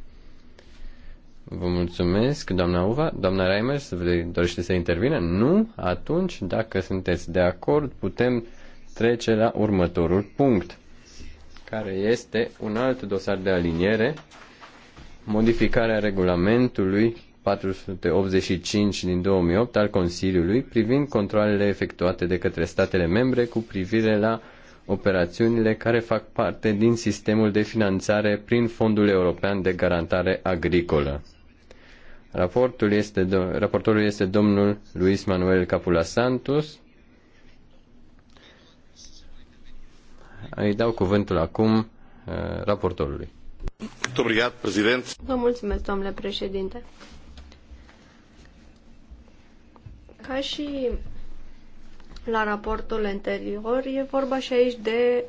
Vă mulțumesc, doamna Uva. Doamna Reimers, dorește să intervină? Nu? Atunci, dacă sunteți de acord, putem trece la următorul punct, care este un alt dosar de aliniere, modificarea regulamentului 485 din 2008 al Consiliului privind controlele efectuate de către statele membre cu privire la operațiunile care fac parte din sistemul de finanțare prin Fondul European de Garantare Agricolă. Raportul este, raportorul este domnul Luis Manuel Capula Santos. Îi dau cuvântul acum uh, raportorului. Obrigat, prezident. Vă mulțumesc, domnule președinte. Ca și la raportul anterior, e vorba și aici de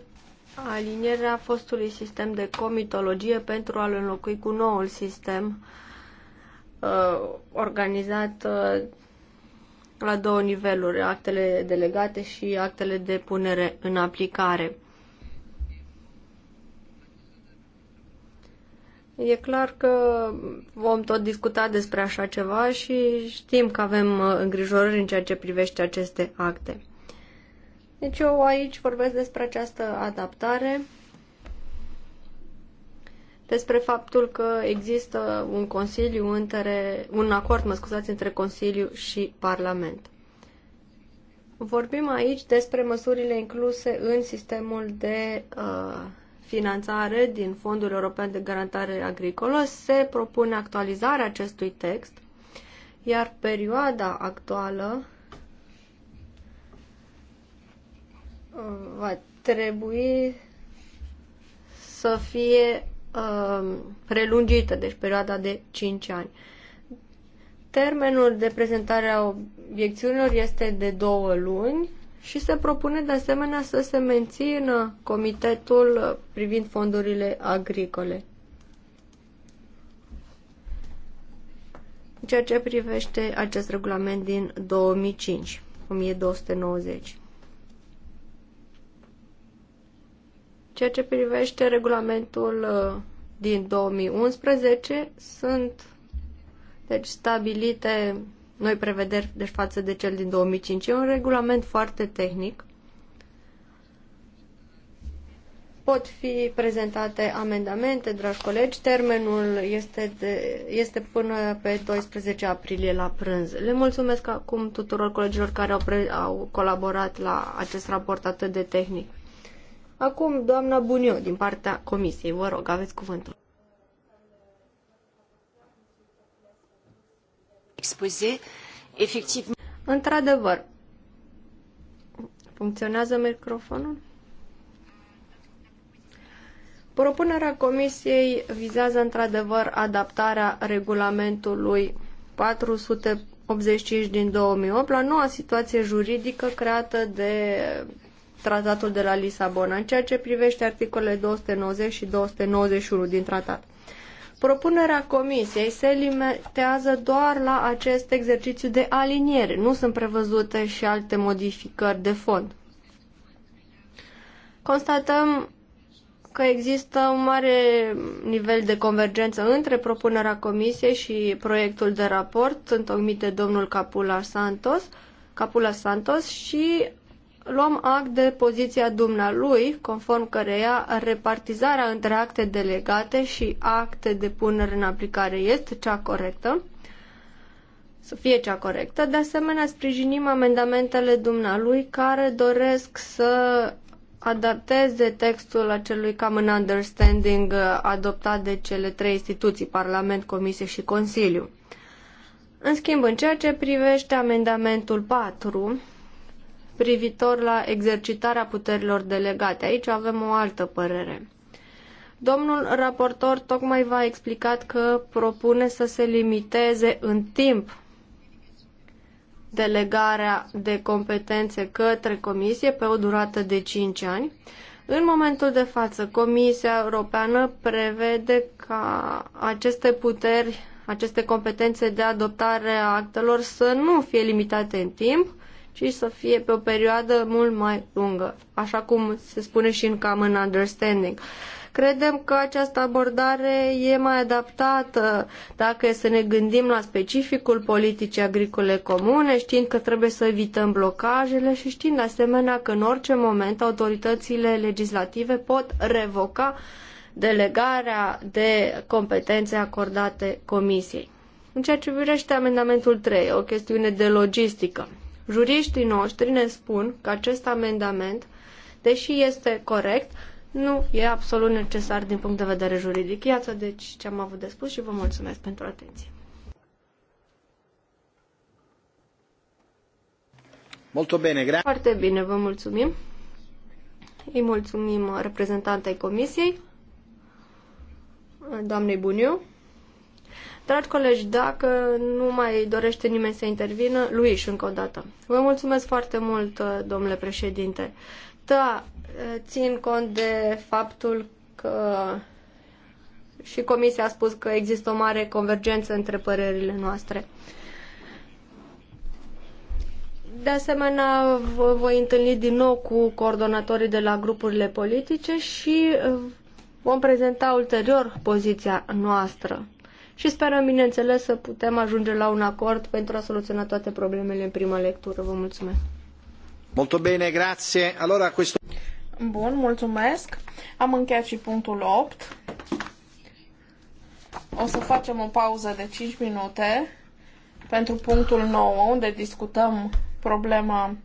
alinierea fostului sistem de comitologie pentru a-l înlocui cu noul sistem uh, organizat uh, la două niveluri, actele delegate și actele de punere în aplicare. E clar că vom tot discuta despre așa ceva și știm că avem uh, îngrijorări în ceea ce privește aceste acte. Deci eu aici vorbesc despre această adaptare despre faptul că există un consiliu între, un acord, mă scuzați, între Consiliu și Parlament. Vorbim aici despre măsurile incluse în sistemul de uh, finanțare din Fondul European de Garantare Agricolă. Se propune actualizarea acestui text, iar perioada actuală uh, va trebui să fie Um, prelungită, deci perioada de 5 ani. Termenul de prezentare a obiecțiunilor este de două luni și se propune de asemenea să se mențină comitetul privind fondurile agricole. În ceea ce privește acest regulament din 2005, 1290. ceea ce privește regulamentul uh, din 2011, sunt deci stabilite noi prevederi deci față de cel din 2005. E un regulament foarte tehnic. Pot fi prezentate amendamente, dragi colegi. Termenul este, de, este până pe 12 aprilie la prânz. Le mulțumesc acum tuturor colegilor care au, pre, au colaborat la acest raport atât de tehnic. Acum, doamna Buniu, din partea comisiei, vă rog, aveți cuvântul. Expoze, efectiv... Într-adevăr, funcționează microfonul? Propunerea comisiei vizează într-adevăr adaptarea regulamentului 485 din 2008 la noua situație juridică creată de tratatul de la Lisabona în ceea ce privește articolele 290 și 291 din tratat. Propunerea comisiei se limitează doar la acest exercițiu de aliniere. Nu sunt prevăzute și alte modificări de fond. Constatăm că există un mare nivel de convergență între propunerea comisiei și proiectul de raport întocmit de domnul Capula Santos, Capula Santos și luăm act de poziția dumnealui, conform căreia repartizarea între acte delegate și acte de punere în aplicare este cea corectă, să fie cea corectă. De asemenea, sprijinim amendamentele dumnealui care doresc să adapteze textul acelui common understanding uh, adoptat de cele trei instituții, Parlament, Comisie și Consiliu. În schimb, în ceea ce privește amendamentul 4, privitor la exercitarea puterilor delegate. Aici avem o altă părere. Domnul raportor tocmai v-a explicat că propune să se limiteze în timp delegarea de competențe către comisie pe o durată de 5 ani. În momentul de față, Comisia Europeană prevede ca aceste puteri, aceste competențe de adoptare a actelor să nu fie limitate în timp, ci să fie pe o perioadă mult mai lungă, așa cum se spune și în Common Understanding. Credem că această abordare e mai adaptată dacă e să ne gândim la specificul politicii agricole comune, știind că trebuie să evităm blocajele și știind de asemenea că în orice moment autoritățile legislative pot revoca delegarea de competențe acordate Comisiei. În ceea ce privește amendamentul 3, o chestiune de logistică. Juriștii noștri ne spun că acest amendament, deși este corect, nu e absolut necesar din punct de vedere juridic. Iată deci ce am avut de spus și vă mulțumesc pentru atenție. Molto bene, gra- Foarte bine, vă mulțumim. Îi mulțumim reprezentantei comisiei, doamnei Buniu. Dragi colegi, dacă nu mai dorește nimeni să intervină, lui și încă o dată. Vă mulțumesc foarte mult, domnule președinte. Da, țin cont de faptul că și Comisia a spus că există o mare convergență între părerile noastre. De asemenea, vă voi întâlni din nou cu coordonatorii de la grupurile politice și vom prezenta ulterior poziția noastră și sperăm, bineînțeles, să putem ajunge la un acord pentru a soluționa toate problemele în prima lectură. Vă mulțumesc! Molto bene, grazie. Allora, questo... Bun, mulțumesc. Am încheiat și punctul 8. O să facem o pauză de 5 minute pentru punctul 9, unde discutăm problema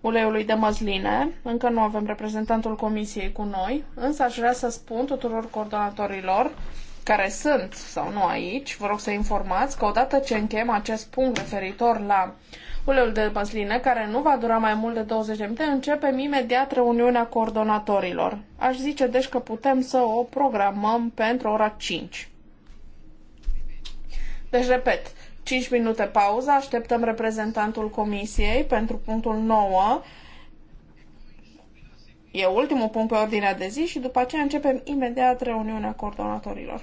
uleiului de măsline. Încă nu avem reprezentantul comisiei cu noi, însă aș vrea să spun tuturor coordonatorilor care sunt sau nu aici, vă rog să informați că odată ce încheiem acest punct referitor la uleiul de măsline, care nu va dura mai mult de 20 de minute, începem imediat reuniunea coordonatorilor. Aș zice deci că putem să o programăm pentru ora 5. Deci, repet, 5 minute pauză, așteptăm reprezentantul comisiei pentru punctul 9, E ultimul punct pe ordinea de zi și după aceea începem imediat reuniunea coordonatorilor.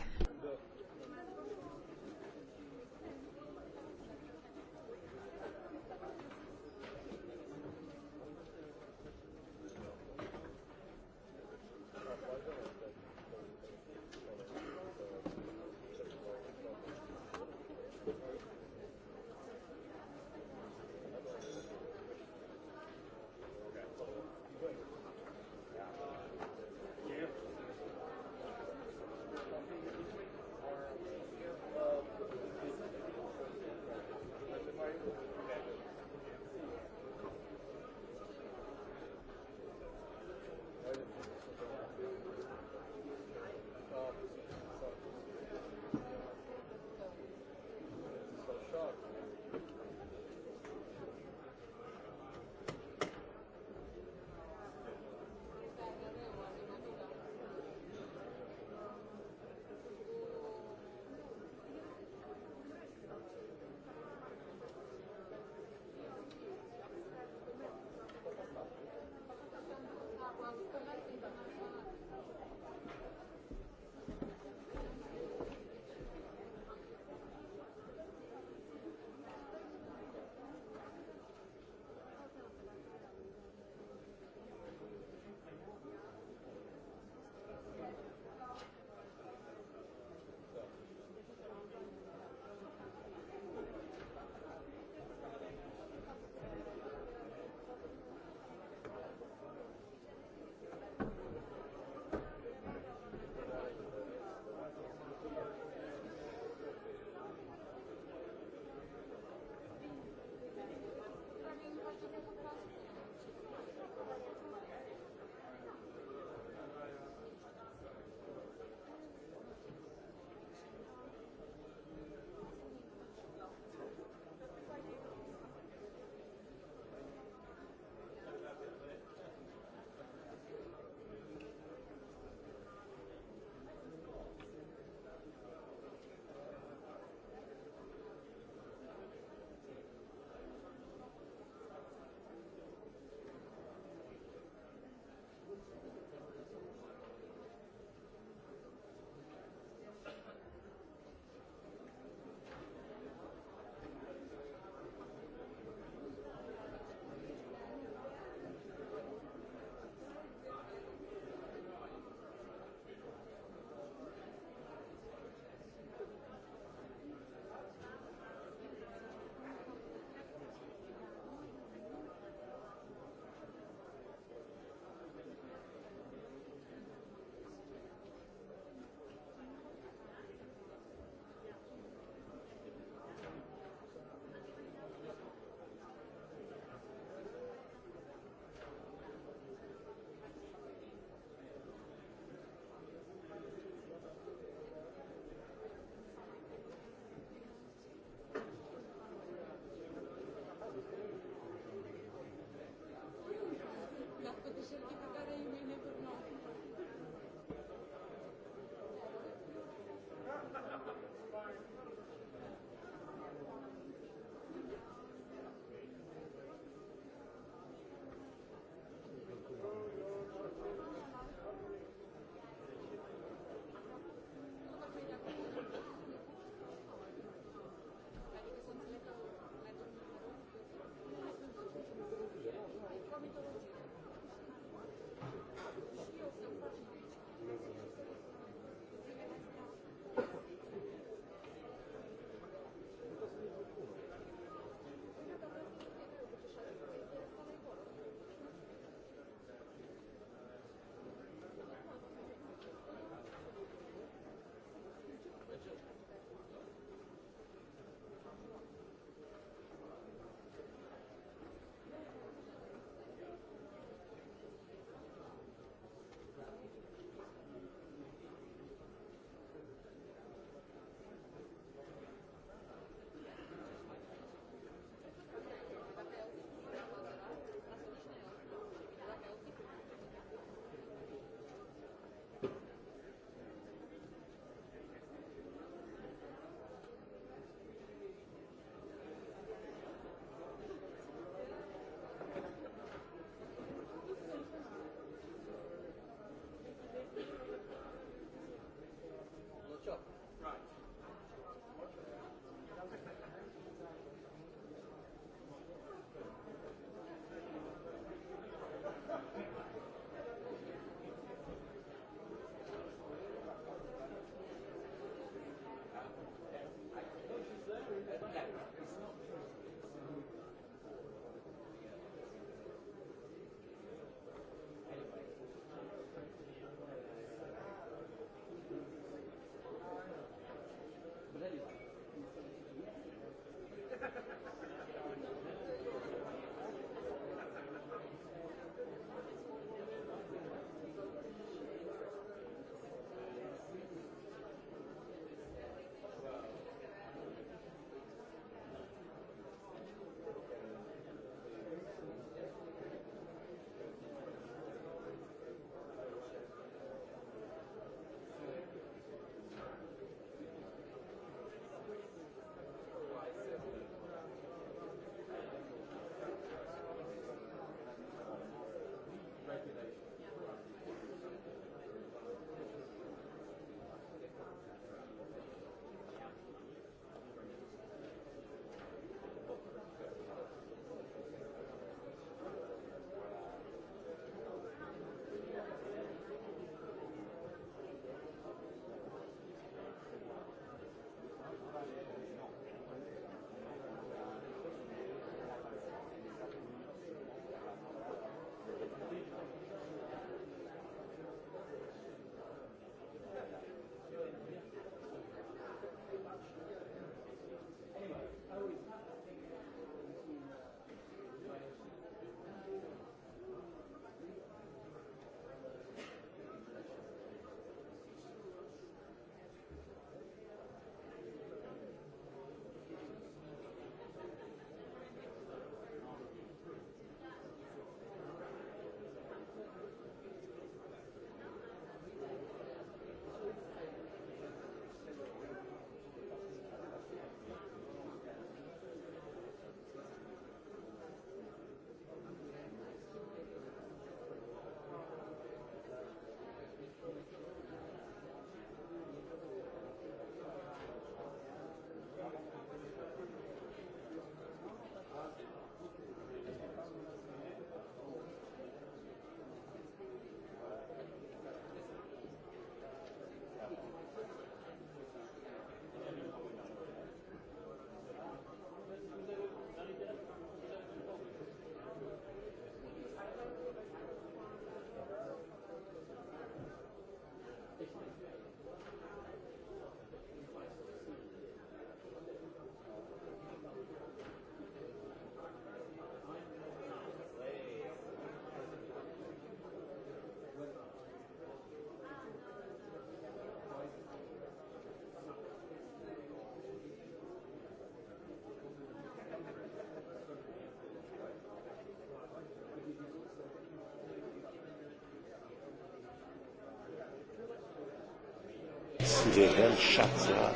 considérel Chatzia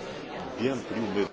bien plus mauvais.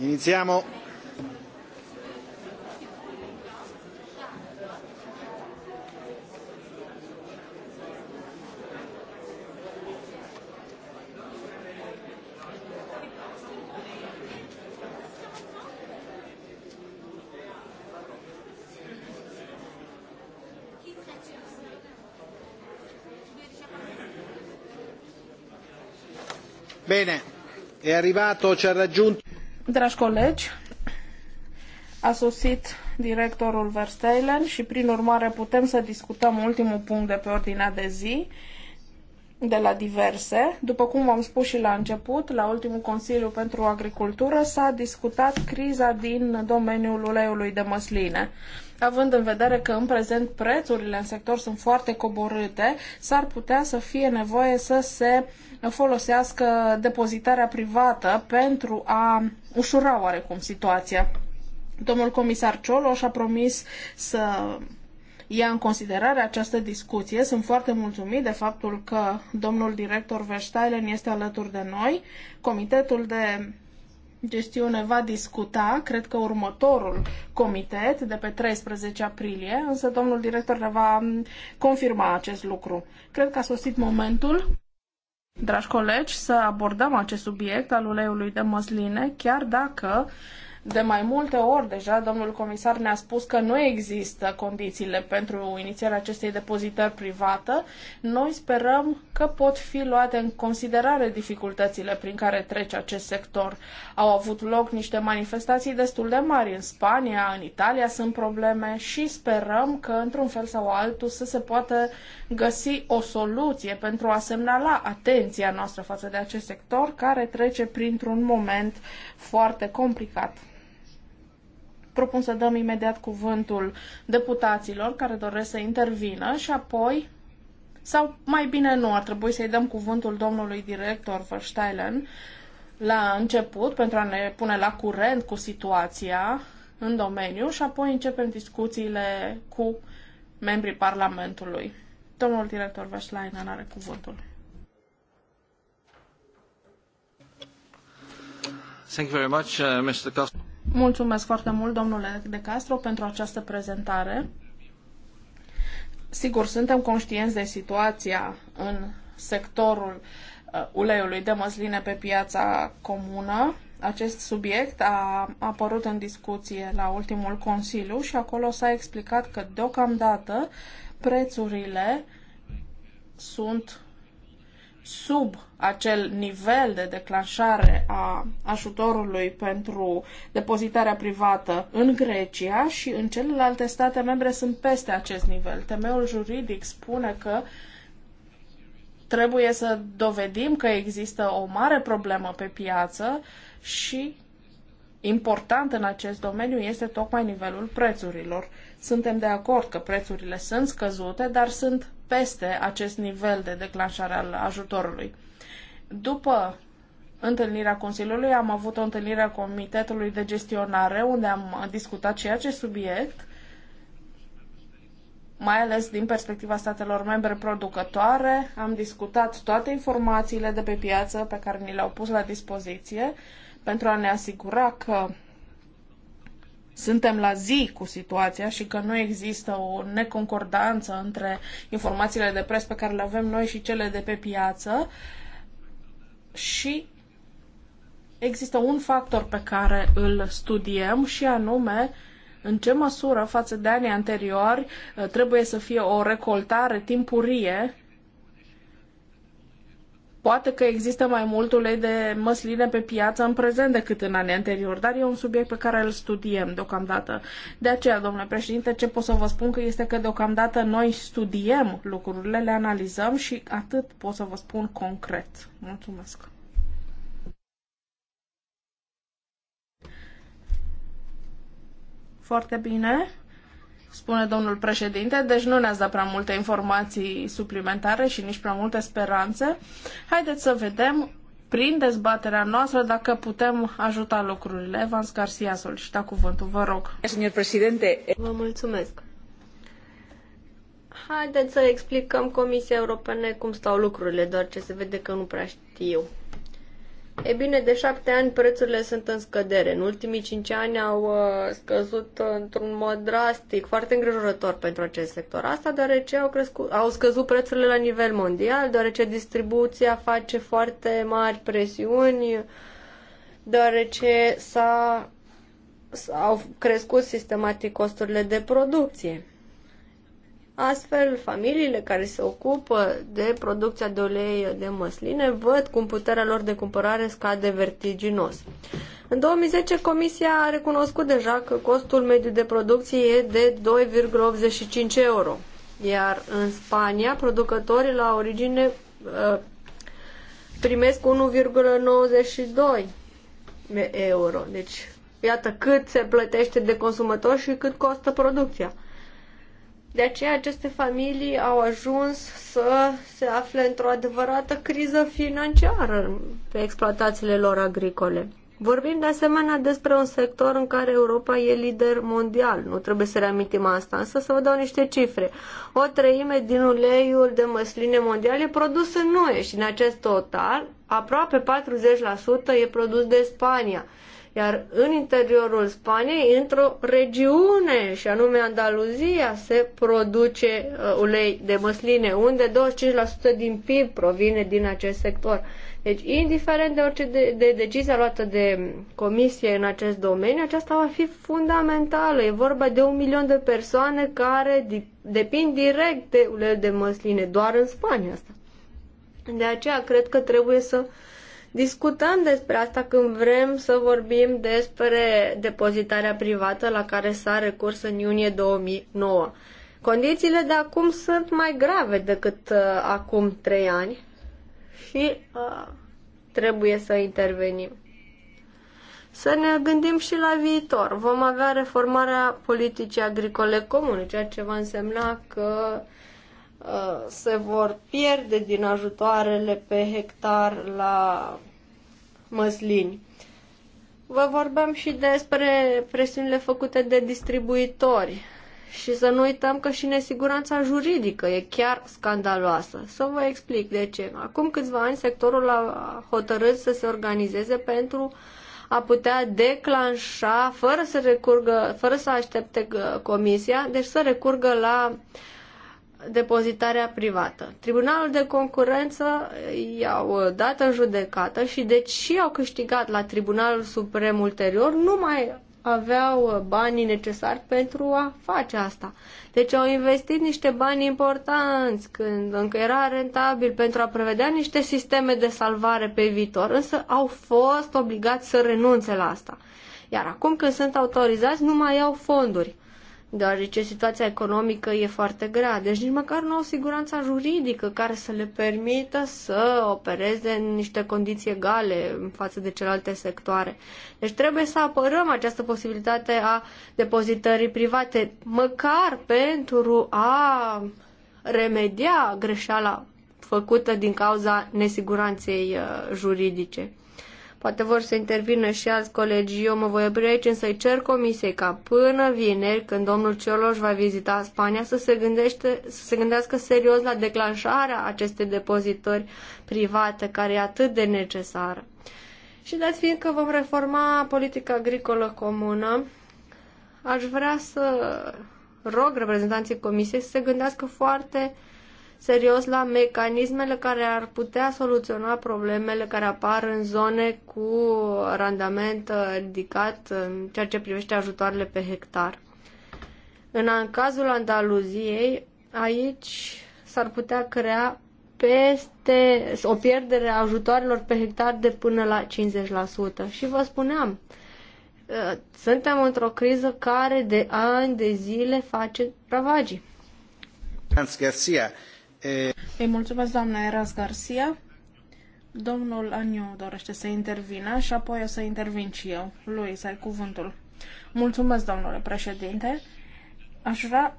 Iniziamo. Bene, è arrivato, ci ha raggiunto. Dragi colegi, a sosit directorul Versteilen și prin urmare putem să discutăm ultimul punct de pe ordinea de zi de la diverse. După cum v-am spus și la început, la ultimul Consiliu pentru Agricultură s-a discutat criza din domeniul uleiului de măsline. Având în vedere că în prezent prețurile în sector sunt foarte coborâte, s-ar putea să fie nevoie să se folosească depozitarea privată pentru a ușura oarecum situația. Domnul comisar Cioloș a promis să ia în considerare această discuție. Sunt foarte mulțumit de faptul că domnul director Verstailen este alături de noi. Comitetul de gestiune va discuta, cred că următorul comitet de pe 13 aprilie, însă domnul director ne va confirma acest lucru. Cred că a sosit momentul dragi colegi, să abordăm acest subiect al uleiului de măsline, chiar dacă de mai multe ori deja domnul comisar ne-a spus că nu există condițiile pentru inițierea acestei depozitări privată. Noi sperăm că pot fi luate în considerare dificultățile prin care trece acest sector. Au avut loc niște manifestații destul de mari în Spania, în Italia sunt probleme și sperăm că într-un fel sau altul să se poată găsi o soluție pentru a semnala atenția noastră față de acest sector care trece printr-un moment foarte complicat propun să dăm imediat cuvântul deputaților care doresc să intervină și apoi, sau mai bine nu, ar trebui să-i dăm cuvântul domnului director Versteilen la început pentru a ne pune la curent cu situația în domeniu și apoi începem discuțiile cu membrii Parlamentului. Domnul director Versteilen are cuvântul. Thank you very much, uh, Mr. Costa. Mulțumesc foarte mult, domnule De Castro, pentru această prezentare. Sigur, suntem conștienți de situația în sectorul uh, uleiului de măsline pe piața comună. Acest subiect a apărut în discuție la ultimul Consiliu și acolo s-a explicat că deocamdată prețurile sunt sub acel nivel de declanșare a ajutorului pentru depozitarea privată în Grecia și în celelalte state membre sunt peste acest nivel. Temeul juridic spune că trebuie să dovedim că există o mare problemă pe piață și important în acest domeniu este tocmai nivelul prețurilor. Suntem de acord că prețurile sunt scăzute, dar sunt peste acest nivel de declanșare al ajutorului. După întâlnirea Consiliului am avut o întâlnire a Comitetului de Gestionare unde am discutat și acest subiect mai ales din perspectiva statelor membre producătoare. Am discutat toate informațiile de pe piață pe care ni le-au pus la dispoziție pentru a ne asigura că suntem la zi cu situația și că nu există o neconcordanță între informațiile de pres pe care le avem noi și cele de pe piață. Și există un factor pe care îl studiem și anume în ce măsură față de anii anteriori trebuie să fie o recoltare timpurie Poate că există mai mult ulei de măsline pe piață în prezent decât în anii anteriori, dar e un subiect pe care îl studiem deocamdată. De aceea, domnule președinte, ce pot să vă spun că este că deocamdată noi studiem lucrurile, le analizăm și atât pot să vă spun concret. Mulțumesc! Foarte bine spune domnul președinte, deci nu ne-ați dat prea multe informații suplimentare și nici prea multe speranțe. Haideți să vedem prin dezbaterea noastră dacă putem ajuta lucrurile. Evans Garcia solicita cuvântul, vă rog. Domnul președinte, eh. vă mulțumesc. Haideți să explicăm Comisiei Europene cum stau lucrurile, doar ce se vede că nu prea știu. E bine, de șapte ani prețurile sunt în scădere. În ultimii cinci ani au uh, scăzut într-un mod drastic, foarte îngrijorător pentru acest sector. Asta deoarece au, crescut, au scăzut prețurile la nivel mondial, deoarece distribuția face foarte mari presiuni, deoarece s-a, au crescut sistematic costurile de producție. Astfel, familiile care se ocupă de producția de ulei de măsline văd cum puterea lor de cumpărare scade vertiginos. În 2010, Comisia a recunoscut deja că costul mediu de producție e de 2,85 euro, iar în Spania, producătorii la origine ă, primesc 1,92 euro. Deci, iată cât se plătește de consumator și cât costă producția. De aceea aceste familii au ajuns să se afle într-o adevărată criză financiară pe exploatațiile lor agricole. Vorbim de asemenea despre un sector în care Europa e lider mondial. Nu trebuie să reamintim asta, însă să vă dau niște cifre. O treime din uleiul de măsline mondial e produs în noi, și în acest total aproape 40% e produs de Spania. Iar în interiorul Spaniei, într-o regiune, și anume Andaluzia, se produce uh, ulei de măsline, unde 25% din PIB provine din acest sector. Deci, indiferent de orice de, de decizia luată de comisie în acest domeniu, aceasta va fi fundamentală. E vorba de un milion de persoane care depind direct de uleiul de măsline, doar în Spania asta. De aceea, cred că trebuie să uh, Discutăm despre asta când vrem să vorbim despre depozitarea privată la care s-a recurs în iunie 2009. Condițiile de acum sunt mai grave decât uh, acum trei ani și uh, trebuie să intervenim. Să ne gândim și la viitor. Vom avea reformarea politicii agricole comune, ceea ce va însemna că uh, Uh, se vor pierde din ajutoarele pe hectar la măslini. Vă vorbeam și despre presiunile făcute de distribuitori și să nu uităm că și nesiguranța juridică e chiar scandaloasă. Să vă explic de ce. Acum câțiva ani sectorul a hotărât să se organizeze pentru a putea declanșa, fără să recurgă, fără să aștepte uh, comisia, deci să recurgă la uh, depozitarea privată. Tribunalul de concurență i-au uh, dat în judecată și deci au câștigat la Tribunalul Suprem ulterior, nu mai aveau uh, banii necesari pentru a face asta. Deci au investit niște bani importanți când încă era rentabil pentru a prevedea niște sisteme de salvare pe viitor, însă au fost obligați să renunțe la asta. Iar acum când sunt autorizați, nu mai au fonduri deoarece situația economică e foarte grea. Deci nici măcar nu au siguranța juridică care să le permită să opereze în niște condiții egale în față de celelalte sectoare. Deci trebuie să apărăm această posibilitate a depozitării private, măcar pentru a remedia greșeala făcută din cauza nesiguranței uh, juridice. Poate vor să intervină și alți colegi. Eu mă voi opri aici, însă îi cer comisiei ca până vineri, când domnul Cioloș va vizita Spania, să se, gândește, să se gândească serios la declanșarea acestei depozitori private, care e atât de necesară. Și dat fiind că vom reforma politica agricolă comună, aș vrea să rog reprezentanții comisiei să se gândească foarte uh, serios la mecanismele care ar putea soluționa problemele care apar în zone cu randament ridicat în ceea ce privește ajutoarele pe hectar. În cazul Andaluziei, aici s-ar putea crea peste o pierdere a ajutoarelor pe hectar de până la 50%. Și vă spuneam, uh, suntem într-o criză care de ani de zile face ravagii. Garcia E... Îi mulțumesc, doamna Eras Garcia. Domnul Aniu dorește să intervină și apoi o să intervin și eu. Lui, să ai cuvântul. Mulțumesc, domnule președinte. Aș vrea,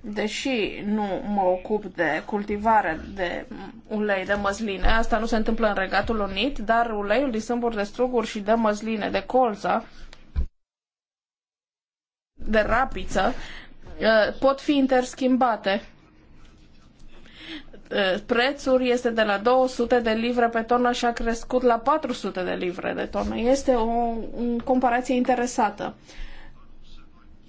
deși nu mă ocup de cultivare de ulei de măsline, asta nu se întâmplă în Regatul Unit, dar uleiul din sâmburi de struguri și de măsline, de colza, de rapiță, eh, pot fi interschimbate Eh, prețul este de la 200 de livre pe tonă și a crescut la 400 de livre de tonă. Este o, o comparație interesată.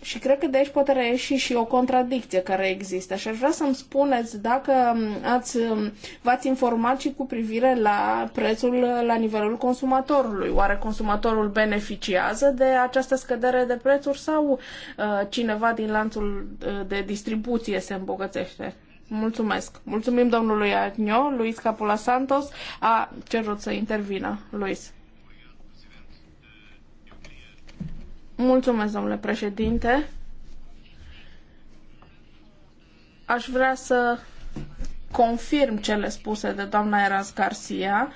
Și cred că de aici poate reieși și o contradicție care există. Și aș vrea să-mi spuneți dacă mm, ați, mm, v-ați informat și cu privire la prețul eh, la nivelul consumatorului. Oare consumatorul beneficiază de această scădere de prețuri sau uh, cineva din lanțul de distribuție se îmbogățește? Mulțumesc. Mulțumim domnului Agnio. Luis Capula Santos a cerut să intervină. Luis. Mulțumesc, domnule președinte. Aș vrea să confirm cele spuse de doamna Eras Garcia. Uh,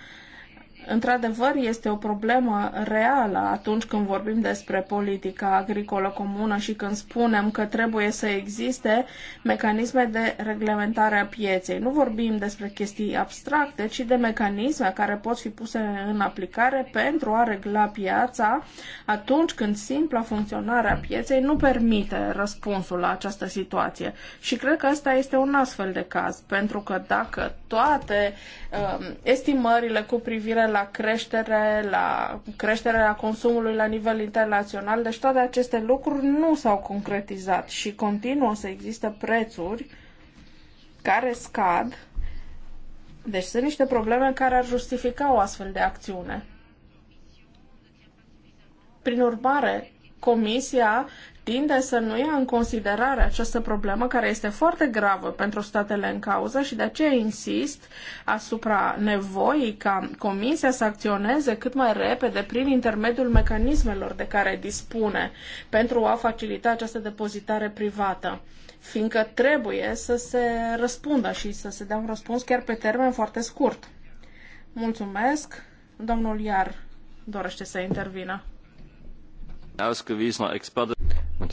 Într-adevăr, este o problemă reală atunci când vorbim despre politica agricolă comună și când spunem că trebuie să existe mecanisme de reglementare a pieței. Nu vorbim despre chestii abstracte, ci de mecanisme care pot fi puse în aplicare pentru a regla piața atunci când simpla funcționare a pieței nu permite răspunsul la această situație. Și cred că asta este un astfel de caz, pentru că dacă toate um, estimările cu privire la creștere, la creșterea consumului la nivel internațional. Deci toate aceste lucruri nu s-au concretizat și continuă să există prețuri care scad. Deci sunt niște probleme care ar justifica o astfel de acțiune. Prin urmare, Comisia tinde să nu ia în considerare această problemă care este foarte gravă pentru statele în cauză și de aceea insist asupra nevoii ca Comisia să acționeze cât mai repede prin intermediul mecanismelor de care dispune pentru a facilita această depozitare privată fiindcă trebuie să se răspundă și să se dea un răspuns chiar pe termen foarte scurt. Mulțumesc. Domnul Iar dorește să intervină. Ausgewiesener Experte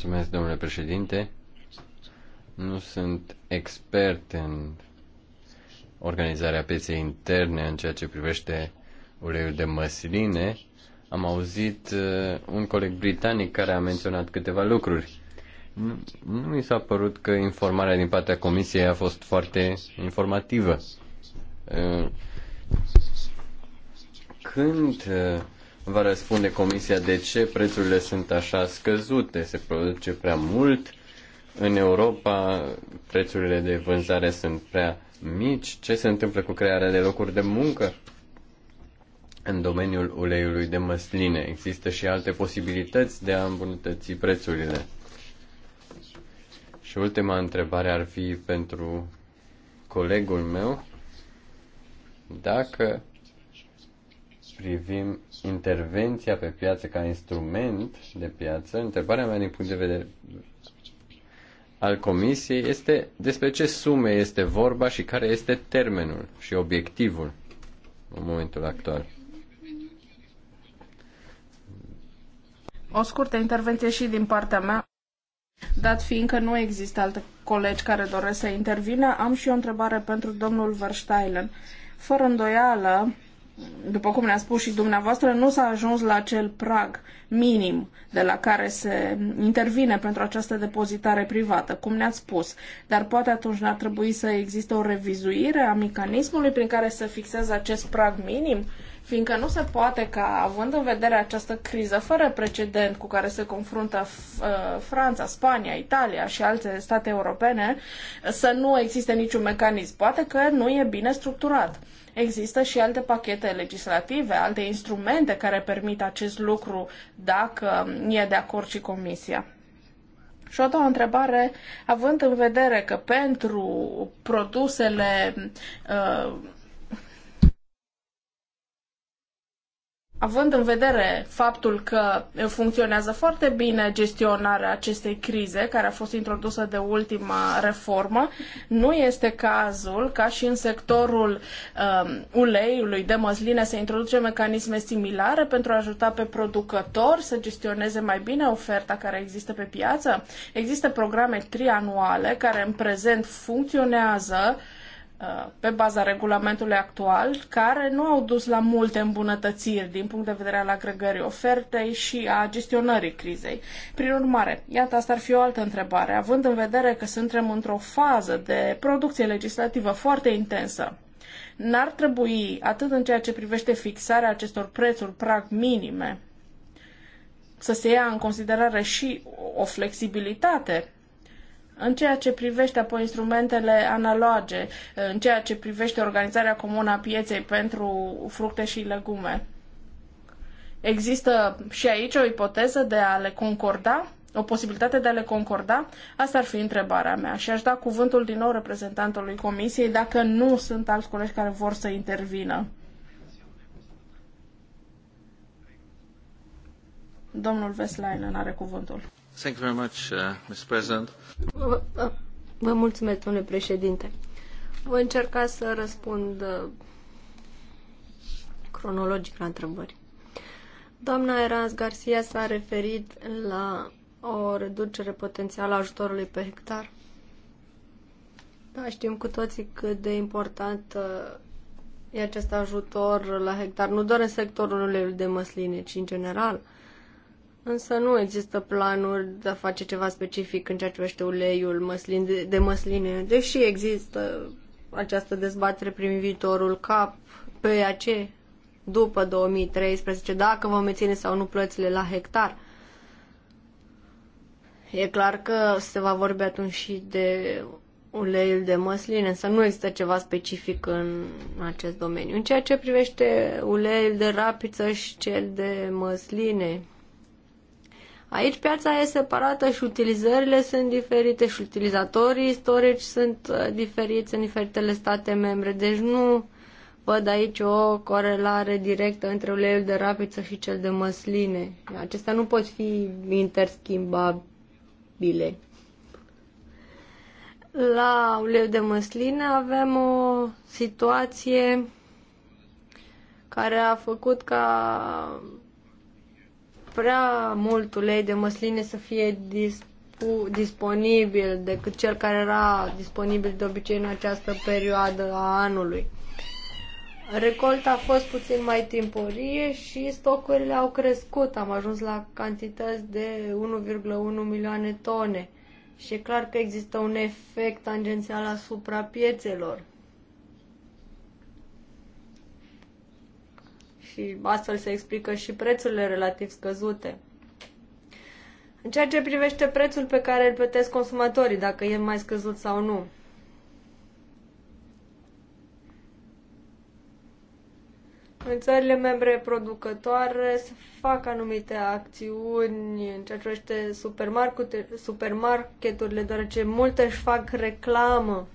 Mulțumesc, domnule președinte. Nu sunt expert în organizarea pieței interne în ceea ce privește uleiul de măsline. Am auzit uh, un coleg britanic care a menționat câteva lucruri. Nu, nu mi s-a părut că informarea din partea comisiei a fost foarte informativă. Uh, când uh, va răspunde Comisia de ce prețurile sunt așa scăzute, se produce prea mult, în Europa prețurile de vânzare sunt prea mici, ce se întâmplă cu crearea de locuri de muncă? În domeniul uleiului de măsline există și alte posibilități de a îmbunătăți prețurile. Și ultima întrebare ar fi pentru colegul meu, dacă privim intervenția pe piață ca instrument de piață, întrebarea mea din punct de vedere al Comisiei este despre ce sume este vorba și care este termenul și obiectivul în momentul actual. O scurtă intervenție și din partea mea. Dat fiindcă nu există alte colegi care doresc să intervină, am și o întrebare pentru domnul Verstailen. Fără îndoială, după cum ne-a spus și dumneavoastră, nu s-a ajuns la acel prag minim de la care se intervine pentru această depozitare privată, cum ne-ați spus. Dar poate atunci nu ar trebui să existe o revizuire a mecanismului prin care să fixeze acest prag minim? fiindcă nu se poate ca, având în vedere această criză fără precedent cu care se confruntă uh, Franța, Spania, Italia și alte state europene, să nu existe niciun mecanism. Poate că nu e bine structurat. Există și alte pachete legislative, alte instrumente care permit acest lucru dacă e de acord și Comisia. Și o doua întrebare, având în vedere că pentru produsele uh, având în vedere faptul că funcționează foarte bine gestionarea acestei crize care a fost introdusă de ultima reformă, nu este cazul ca și în sectorul um, uleiului de măsline să introduce mecanisme similare pentru a ajuta pe producători să gestioneze mai bine oferta care există pe piață. Există programe trianuale care în prezent funcționează uh, pe baza regulamentului actual, care nu au dus la multe îmbunătățiri din punct de vedere al agregării ofertei și a gestionării crizei. Prin urmare, iată, asta ar fi o altă întrebare, având în vedere că suntem într-o fază de producție legislativă foarte intensă. N-ar trebui, atât în ceea ce privește fixarea acestor prețuri prag minime, să se ia în considerare și o flexibilitate în ceea ce privește apoi instrumentele analoge, în ceea ce privește organizarea comună a pieței pentru fructe și legume, există și aici o ipoteză de a le concorda? O posibilitate de a le concorda? Asta ar fi întrebarea mea și aș da cuvântul din nou reprezentantului Comisiei dacă nu sunt alți colegi care vor să intervină. Domnul Veslainen are cuvântul. Thank you very much, uh, Mr. President. Vă, mulțumesc, domnule președinte. Voi încerca să răspund uh, cronologic la întrebări. Doamna Erans Garcia s-a referit la o reducere potențială a ajutorului pe hectar. Da, știm cu toții cât de important uh, e acest ajutor la hectar, nu doar în sectorul de măsline, ci în general însă nu există planuri de a face ceva specific în ceea ce privește uleiul măslin de, de măsline, deși există această dezbatere prin viitorul cap ac, după 2013, dacă vom menține sau nu plățile la hectar. E clar că se va vorbi atunci și de uleiul de măsline, însă nu există ceva specific în acest domeniu. În ceea ce privește uleiul de rapiță și cel de măsline, Aici piața e separată și utilizările sunt diferite și utilizatorii istorici sunt uh, diferiți în diferitele state membre, deci nu văd aici o corelare directă între uleiul de rapiță și cel de măsline. Acestea nu pot fi interschimbabile. La uleiul de măsline avem o situație care a făcut ca prea mult ulei de măsline să fie dispu- disponibil decât cel care era disponibil de obicei în această perioadă a anului. Recolta a fost puțin mai timpurie și stocurile au crescut. Am ajuns la cantități de 1,1 milioane tone. Și e clar că există un efect tangențial asupra piețelor. și astfel se explică și prețurile relativ scăzute. În ceea ce privește prețul pe care îl plătesc consumatorii, dacă e mai scăzut sau nu. În țările membre producătoare se fac anumite acțiuni în ceea ce privește supermarketurile, deoarece multe își fac reclamă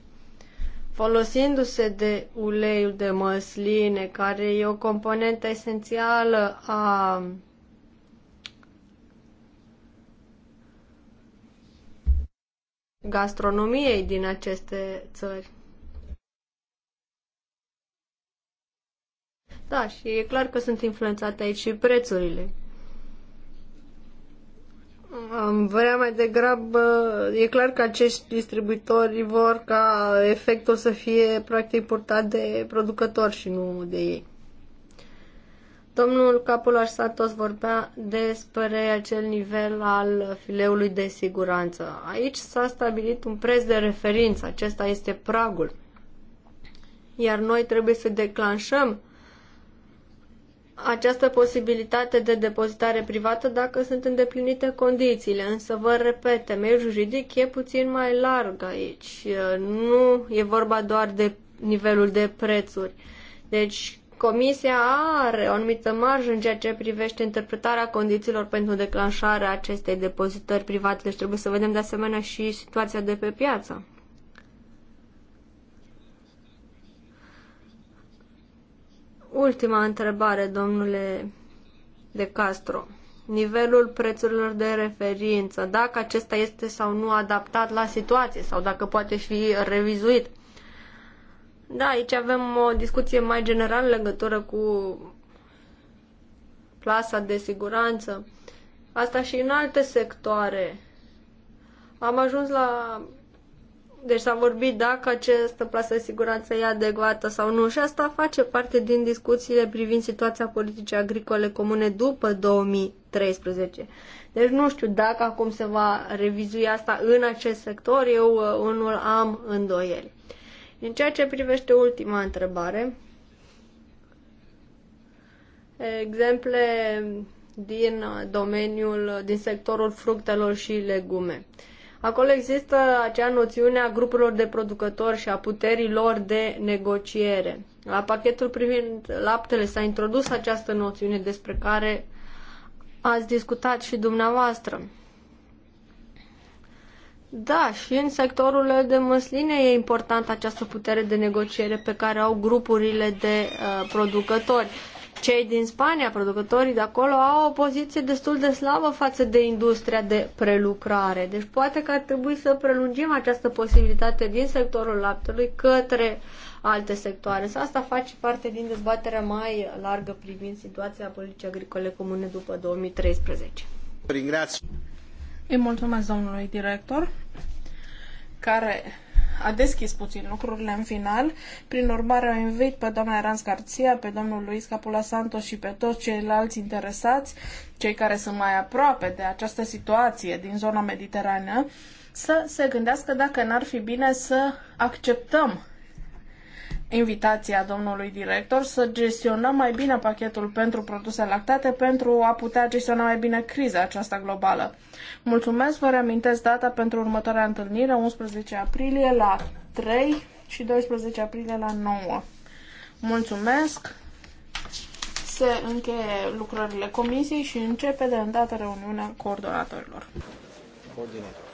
folosindu-se de uleiul de măsline, care e o componentă esențială a gastronomiei din aceste țări. Da, și e clar că sunt influențate aici și prețurile. Am vrea mai degrabă, e clar că acești distribuitori vor ca efectul să fie practic purtat de producători și nu de ei. Domnul Capul Arsatos vorbea despre acel nivel al fileului de siguranță. Aici s-a stabilit un preț de referință, acesta este pragul. Iar noi trebuie să declanșăm această posibilitate de depozitare privată dacă sunt îndeplinite condițiile, însă vă repet, temeiul juridic e puțin mai larg aici. Nu e vorba doar de nivelul de prețuri. Deci Comisia are o anumită marjă în ceea ce privește interpretarea condițiilor pentru declanșarea acestei depozitări private, deci trebuie să vedem de asemenea și situația de pe piață. Ultima întrebare, domnule De Castro. Nivelul prețurilor de referință, dacă acesta este sau nu adaptat la situație sau dacă poate fi revizuit. Da, aici avem o discuție mai generală în legătură cu plasa de siguranță. Asta și în alte sectoare. Am ajuns la deci s-a vorbit dacă această plasă de siguranță e adecvată sau nu și asta face parte din discuțiile privind situația politicii agricole comune după 2013. Deci nu știu dacă acum se va revizui asta în acest sector, eu uh, unul am îndoieli. În ceea ce privește ultima întrebare, exemple din domeniul, din sectorul fructelor și legume. Acolo există acea noțiune a grupurilor de producători și a puterii lor de negociere. La pachetul privind laptele s-a introdus această noțiune despre care ați discutat și dumneavoastră. Da, și în sectorul de măsline e importantă această putere de negociere pe care au grupurile de uh, producători. Uh, cei din Spania, producătorii de acolo, au o poziție destul de slabă față de industria de prelucrare. Deci poate că ar trebui să prelungim această posibilitate din sectorul laptelui către alte sectoare. Să asta face parte din dezbaterea mai largă privind situația politicii agricole comune după 2013. Îi mulțumesc domnului director care a deschis puțin lucrurile în final. Prin urmare, o invit pe doamna Eranz Garcia, pe domnul Luis Capula Santos și pe toți ceilalți interesați, cei care sunt mai aproape de această situație din zona mediterană, să se gândească dacă n-ar fi bine să acceptăm invitația domnului director să gestionăm mai bine pachetul pentru produse lactate pentru a putea gestiona mai bine criza aceasta globală. Mulțumesc, vă reamintesc data pentru următoarea întâlnire, 11 aprilie la 3 și 12 aprilie la 9. Mulțumesc! Se încheie lucrările comisiei și începe de îndată reuniunea coordonatorilor. Coordinator.